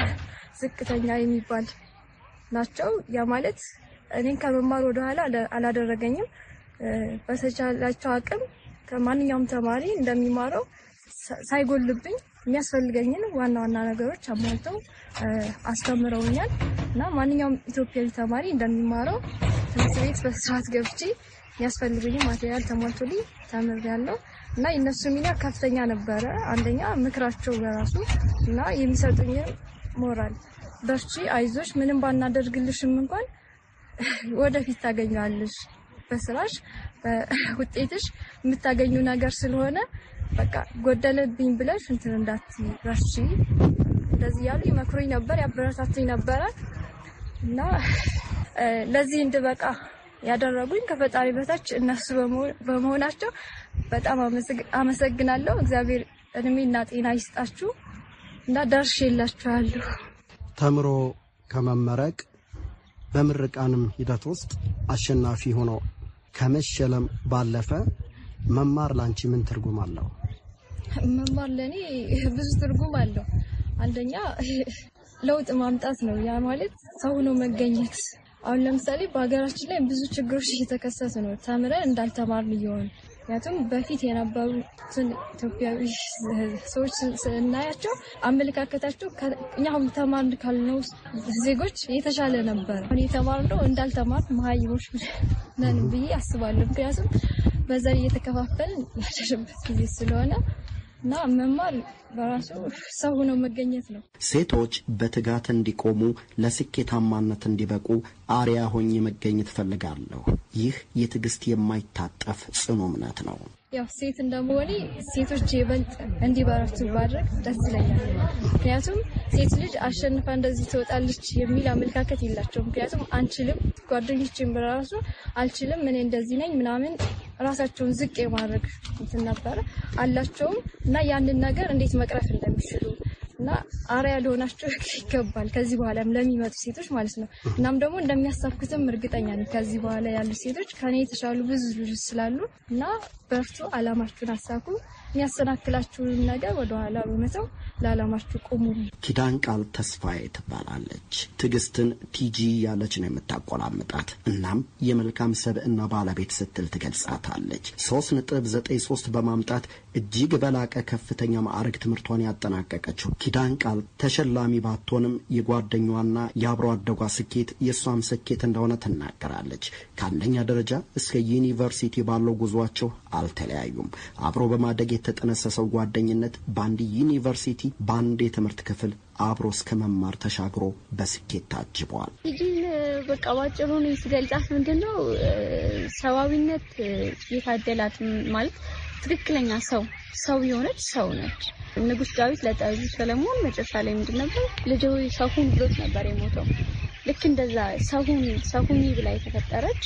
<laughs> ዝቅተኛ የሚባል ናቸው። ያ ማለት እኔን ከመማር ወደኋላ አላደረገኝም። በተቻላቸው አቅም ከማንኛውም ተማሪ እንደሚማረው ሳይጎልብኝ የሚያስፈልገኝን ዋና ዋና ነገሮች አሟልተው አስተምረውኛል እና ማንኛውም ኢትዮጵያዊ ተማሪ እንደሚማረው ትምህርት ቤት በስርዓት ገብቼ የሚያስፈልገኝ ማቴሪያል ተሟልቶልኝ ተምሬያለሁ እና የእነሱ ሚና ከፍተኛ ነበረ። አንደኛ ምክራቸው በራሱ እና የሚሰጡኝን ሞራል በርቺ፣ አይዞች ምንም ባናደርግልሽም እንኳን ወደፊት ታገኛለሽ በስራሽ በውጤትሽ የምታገኙ ነገር ስለሆነ በቃ ጎደለብኝ ብለሽ እንትን እንዳትዪ ረሺ እንደዚህ ያሉ ይመክሩኝ ነበር፣ ያበረታቱኝ ነበረ እና ለዚህ እንድበቃ ያደረጉኝ ከፈጣሪ በታች እነሱ በመሆናቸው በጣም አመሰግናለሁ። እግዚአብሔር እና ጤና ይስጣችሁ እና ደርሽ የላችኋለሁ። ተምሮ ከመመረቅ በምርቃንም ሂደት ውስጥ አሸናፊ ሆኖ ከመሸለም ባለፈ መማር ላንቺ ምን ትርጉም አለው? መማር ለእኔ ብዙ ትርጉም አለው። አንደኛ <laughs> ለውጥ ማምጣት ነው። ያ ማለት ሰው ነው መገኘት። አሁን ለምሳሌ በሀገራችን ላይ ብዙ ችግሮች እየተከሰቱ ነው፣ ተምረን እንዳልተማርን እየሆኑ ምክንያቱም በፊት የነበሩትን ኢትዮጵያዊ ሰዎች ስናያቸው አመለካከታቸው እኛ አሁን ተማርን ካልነው ዜጎች የተሻለ ነበር። አሁን የተማርነው እንዳልተማር መሀይሞች ነን ብዬ አስባለሁ። ምክንያቱም በዛ እየተከፋፈልን ያደረበት ጊዜ ስለሆነ እና መማር በራሱ ሰው ሆኖ መገኘት ነው። ሴቶች በትጋት እንዲቆሙ ለስኬታማነት እንዲበቁ አሪያ ሆኜ መገኘት እፈልጋለሁ። ይህ የትዕግስት የማይታጠፍ ጽኑ እምነት ነው። ያው ሴት እንደመሆኔ ሴቶች ይበልጥ እንዲበረቱ ማድረግ ደስ ይለኛል። ምክንያቱም ሴት ልጅ አሸንፋ እንደዚህ ትወጣለች የሚል አመለካከት የላቸው። ምክንያቱም አንችልም፣ ጓደኞችን በራሱ አልችልም፣ እኔ እንደዚህ ነኝ ምናምን ራሳቸውን ዝቅ የማድረግ እንትን ነበረ አላቸውም እና ያንን ነገር እንዴት መቅረፍ እንደሚችሉ እና አርያ ሊሆናቸው ይገባል ከዚህ በኋላም ለሚመጡ ሴቶች ማለት ነው። እናም ደግሞ እንደሚያሳኩትም እርግጠኛ ነኝ። ከዚህ በኋላ ያሉ ሴቶች ከኔ የተሻሉ ብዙ ልጆች ስላሉ እና በርቱ፣ አላማችሁን አሳኩ። የሚያሰናክላችሁን ነገር ወደኋላ በመተው ለዓላማችሁ ቁሙ። ኪዳን ቃል ተስፋዬ ትባላለች። ትዕግስትን ቲጂ ያለች ነው የምታቆላምጣት። እናም የመልካም ሰብዕና ባለቤት ስትል ትገልጻታለች። ሶስት ነጥብ ዘጠኝ ሶስት በማምጣት እጅግ በላቀ ከፍተኛ ማዕረግ ትምህርቷን ያጠናቀቀችው ኪዳን ቃል ተሸላሚ ባትሆንም የጓደኛዋና የአብሮ አደጓ ስኬት የእሷም ስኬት እንደሆነ ትናገራለች። ከአንደኛ ደረጃ እስከ ዩኒቨርሲቲ ባለው ጉዟቸው አልተለያዩም። አብሮ በማደግ የተጠነሰሰው ጓደኝነት በአንድ ዩኒቨርሲቲ በአንድ የትምህርት ክፍል አብሮ እስከ መማር ተሻግሮ በስኬት ታጅቧል። ልጅን በቃ ባጭሩ ሲገልጻት ምንድን ነው ሰብአዊነት የታደላት ማለት ትክክለኛ ሰው ሰው የሆነች ሰው ነች። ንጉስ ዳዊት ለጠቢቡ ሰለሞን መጨረሻ ላይ ምንድን ነበር ልጅ ሰሁን ብሎት ነበር የሞተው። ልክ እንደዛ ሰሁን ሁኚ ብላ የተፈጠረች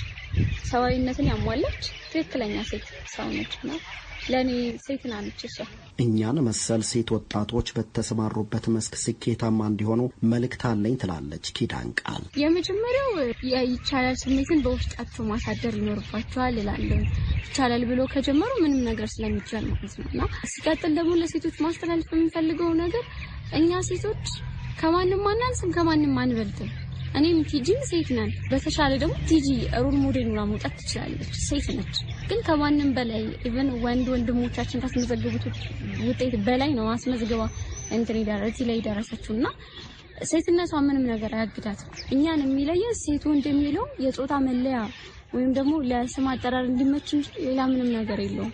ሰብአዊነትን ያሟላች ትክክለኛ ሴት ሰው ነች ነው ለእኔ ሴት ናነች እሷ። እኛን መሰል ሴት ወጣቶች በተሰማሩበት መስክ ስኬታማ እንዲሆኑ መልእክት አለኝ ትላለች ኪዳን ቃል። የመጀመሪያው ይቻላል ስሜትን በውስጣቸው ማሳደር ይኖርባቸዋል እላለሁ። ይቻላል ብሎ ከጀመሩ ምንም ነገር ስለሚቻል ማለት ነው እና ሲቀጥል ደግሞ ለሴቶች ማስተላለፍ የምንፈልገው ነገር እኛ ሴቶች ከማንም አናንስም፣ ከማንም አንበልጥም እኔም ቲጂ ሴት ነን። በተሻለ ደግሞ ቲጂ ሮል ሞዴል ሆና መውጣት ትችላለች። ሴት ነች፣ ግን ከማንም በላይ ኢቨን ወንድ ወንድሞቻችን ካስመዘገቡት ውጤት በላይ ነው አስመዝግባ እንትን እዚህ ላይ ደረሰችው እና ሴትነቷ ምንም ነገር አያግዳትም። እኛን የሚለየ ሴት እንደሚለው የሚለው የጾታ መለያ ወይም ደግሞ ለስም አጠራር እንዲመች እንጂ ሌላ ምንም ነገር የለውም።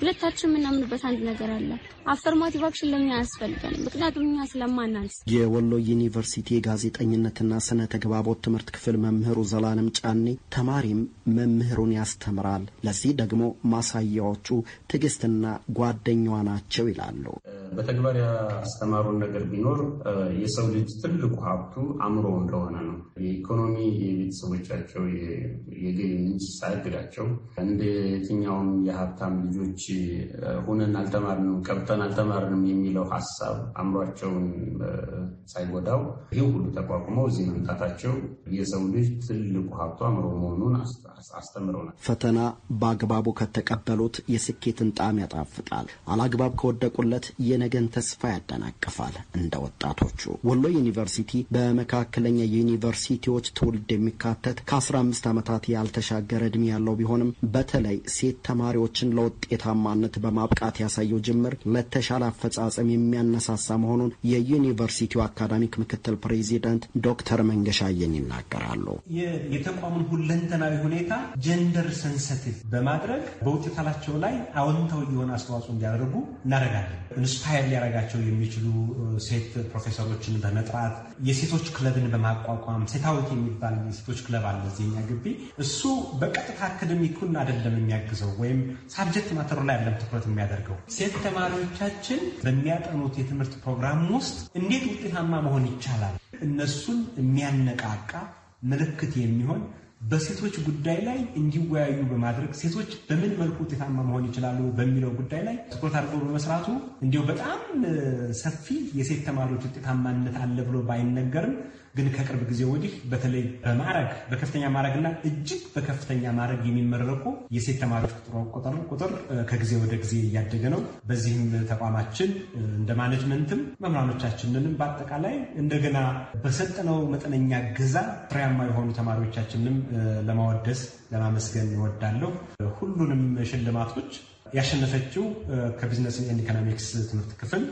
ሁለታችን የምናምንበት አንድ ነገር አለ። አፈርማቲቭ አክሽን ለኛ ያስፈልገን፣ ምክንያቱም እኛ ስለማናንስ። የወሎ ዩኒቨርሲቲ የጋዜጠኝነትና ስነ ተግባቦት ትምህርት ክፍል መምህሩ ዘላለም ጫኔ ተማሪም መምህሩን ያስተምራል፣ ለዚህ ደግሞ ማሳያዎቹ ትዕግስትና ጓደኛዋ ናቸው ይላሉ። በተግባር ያስተማሩን ነገር ቢኖር የሰው ልጅ ትልቁ ሀብቱ አእምሮ እንደሆነ ነው። የኢኮኖሚ የቤተሰቦቻቸው የገቢ ምንጭ ሳያግዳቸው እንደ የትኛውም የሀብታም ልጆች ተማሪዎች ሆነን አልተማርንም ቀብተን አልተማርንም የሚለው ሀሳብ አእምሯቸውን ሳይጎዳው ይህ ሁሉ ተቋቁመው እዚህ መምጣታቸው የሰው ልጅ ትልቁ ሀብቱ አእምሮ መሆኑን አስተምረውናል። ፈተና በአግባቡ ከተቀበሉት የስኬትን ጣዕም ያጣፍጣል፣ አላግባብ ከወደቁለት የነገን ተስፋ ያደናቅፋል። እንደ ወጣቶቹ ወሎ ዩኒቨርሲቲ በመካከለኛ ዩኒቨርሲቲዎች ትውልድ የሚካተት ከ15 ዓመታት ያልተሻገረ እድሜ ያለው ቢሆንም በተለይ ሴት ተማሪዎችን ለውጤታ ውጤታማነት በማብቃት ያሳየው ጅምር ለተሻለ አፈጻጸም የሚያነሳሳ መሆኑን የዩኒቨርሲቲው አካዳሚክ ምክትል ፕሬዚደንት ዶክተር መንገሻ አየን ይናገራሉ። የተቋሙን ሁለንተናዊ ሁኔታ ጀንደር ሰንሰቲቭ በማድረግ በውጤታላቸው ላይ አዎንታዊ የሆነ አስተዋጽኦ እንዲያደርጉ እናደርጋለን። ኢንስፓየር ሊያደርጋቸው የሚችሉ ሴት ፕሮፌሰሮችን በመጥራት የሴቶች ክለብን በማቋቋም ሴታዊት የሚባል የሴቶች ክለብ አለ እዚህ እኛ ግቢ። እሱ በቀጥታ አካደሚኩን አይደለም የሚያግዘው ወይም ሳብጀክት ማተር ጥቁር ላይ ትኩረት የሚያደርገው። ሴት ተማሪዎቻችን በሚያጠኑት የትምህርት ፕሮግራም ውስጥ እንዴት ውጤታማ መሆን ይቻላል፣ እነሱን የሚያነቃቃ ምልክት የሚሆን በሴቶች ጉዳይ ላይ እንዲወያዩ በማድረግ ሴቶች በምን መልኩ ውጤታማ መሆን ይችላሉ በሚለው ጉዳይ ላይ ትኩረት አድርጎ በመስራቱ እንዲሁ በጣም ሰፊ የሴት ተማሪዎች ውጤታማነት አለ ብሎ ባይነገርም ግን ከቅርብ ጊዜ ወዲህ በተለይ በማዕረግ በከፍተኛ ማዕረግና እጅግ በከፍተኛ ማዕረግ የሚመረቁ የሴት ተማሪዎች ቁጥር ቁጥር ከጊዜ ወደ ጊዜ እያደገ ነው። በዚህም ተቋማችን እንደ ማኔጅመንትም መምህራኖቻችንንም በአጠቃላይ እንደገና በሰጠነው መጠነኛ ገዛ ፍሬያማ የሆኑ ተማሪዎቻችንንም ለማወደስ ለማመስገን እወዳለሁ። ሁሉንም ሽልማቶች ያሸነፈችው ከቢዝነስ ኤንድ ኢኮኖሚክስ ትምህርት ክፍል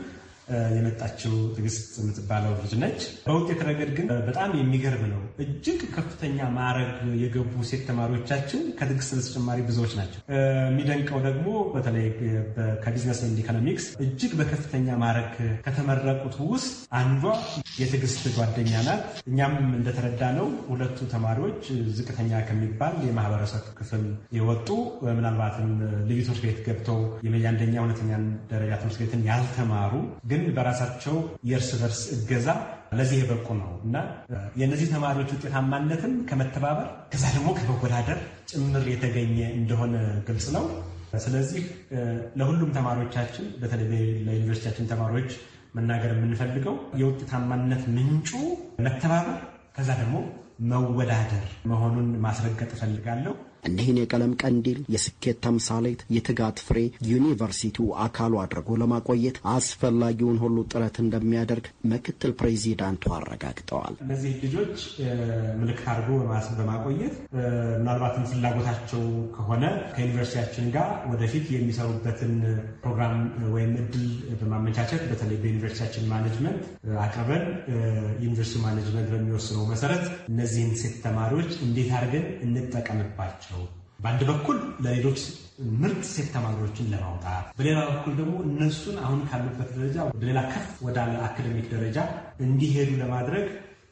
የመጣችው ትግስት የምትባለው ልጅ ነች። በውጤት ረገድ ግን በጣም የሚገርም ነው። እጅግ ከፍተኛ ማዕረግ የገቡ ሴት ተማሪዎቻችን ከትግስት በተጨማሪ ብዙዎች ናቸው። የሚደንቀው ደግሞ በተለይ ከቢዝነስ ኤንድ ኢኮኖሚክስ እጅግ በከፍተኛ ማዕረግ ከተመረቁት ውስጥ አንዷ የትዕግስት ጓደኛ ናት። እኛም እንደተረዳ ነው ሁለቱ ተማሪዎች ዝቅተኛ ከሚባል የማህበረሰብ ክፍል የወጡ ምናልባትም ልዩ ትምህርት ቤት ገብተው የአንደኛ ሁለተኛ ደረጃ ትምህርት ቤትን ያልተማሩ ግን በራሳቸው የእርስ በርስ እገዛ ለዚህ የበቁ ነው እና የእነዚህ ተማሪዎች ውጤታማነትም ከመተባበር ከዛ ደግሞ ከመወዳደር ጭምር የተገኘ እንደሆነ ግልጽ ነው። ስለዚህ ለሁሉም ተማሪዎቻችን በተለይ ለዩኒቨርሲቲያችን ተማሪዎች መናገር የምንፈልገው የውጤታማነት ምንጩ መተባበር ከዛ ደግሞ መወዳደር መሆኑን ማስረገጥ እፈልጋለሁ። እኒህን የቀለም ቀንዲል፣ የስኬት ተምሳሌት፣ የትጋት ፍሬ ዩኒቨርሲቲው አካሉ አድርጎ ለማቆየት አስፈላጊውን ሁሉ ጥረት እንደሚያደርግ ምክትል ፕሬዚዳንቱ አረጋግጠዋል። እነዚህ ልጆች ምልክት አድርጎ በማቆየት ምናልባትም ፍላጎታቸው ከሆነ ከዩኒቨርሲቲያችን ጋር ወደፊት የሚሰሩበትን ፕሮግራም ወይም እድል በማመቻቸት በተለይ በዩኒቨርሲቲያችን ማኔጅመንት አቅርበን ዩኒቨርሲቲ ማኔጅመንት በሚወስነው መሰረት እነዚህን ሴት ተማሪዎች እንዴት አድርገን እንጠቀምባቸው ናቸው። በአንድ በኩል ለሌሎች ምርጥ ሴት ተማሪዎችን ለማውጣት፣ በሌላ በኩል ደግሞ እነሱን አሁን ካሉበት ደረጃ ወደ ሌላ ከፍ ወዳለ አካደሚክ ደረጃ እንዲሄዱ ለማድረግ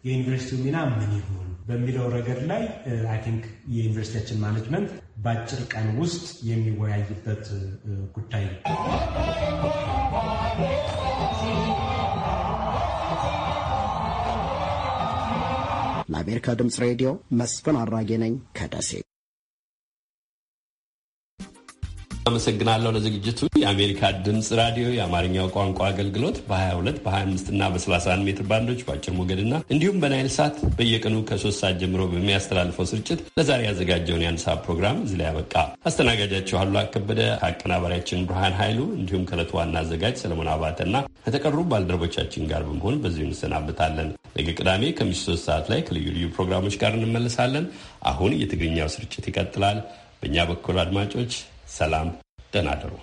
የዩኒቨርሲቲው ሚና ምን ይሆን በሚለው ረገድ ላይ አይ ቲንክ የዩኒቨርሲቲያችን ማኔጅመንት በአጭር ቀን ውስጥ የሚወያይበት ጉዳይ ነው። ለአሜሪካ ድምፅ ሬዲዮ መስፍን አራጌ ነኝ ከደሴ። አመሰግናለሁ ለዝግጅቱ። የአሜሪካ ድምፅ ራዲዮ የአማርኛው ቋንቋ አገልግሎት በ22 በ25 እና በ31 ሜትር ባንዶች በአጭር ሞገድና እንዲሁም በናይል ሳት በየቀኑ ከሶስት ሰዓት ጀምሮ በሚያስተላልፈው ስርጭት ለዛሬ ያዘጋጀውን የአንድ ሰዓት ፕሮግራም እዚህ ላይ ያበቃ። አስተናጋጃችሁ አሉ አከበደ ከአቀናባሪያችን ብርሃን ኃይሉ እንዲሁም ከዕለቱ ዋና አዘጋጅ ሰለሞን አባተና ከተቀሩ ባልደረቦቻችን ጋር በመሆን በዚሁ እንሰናብታለን። ነገ ቅዳሜ ከምሽቱ ሶስት ሰዓት ላይ ከልዩ ልዩ ፕሮግራሞች ጋር እንመለሳለን። አሁን የትግርኛው ስርጭት ይቀጥላል። በእኛ በኩል አድማጮች ሰላም፣ ደህና እደሩ።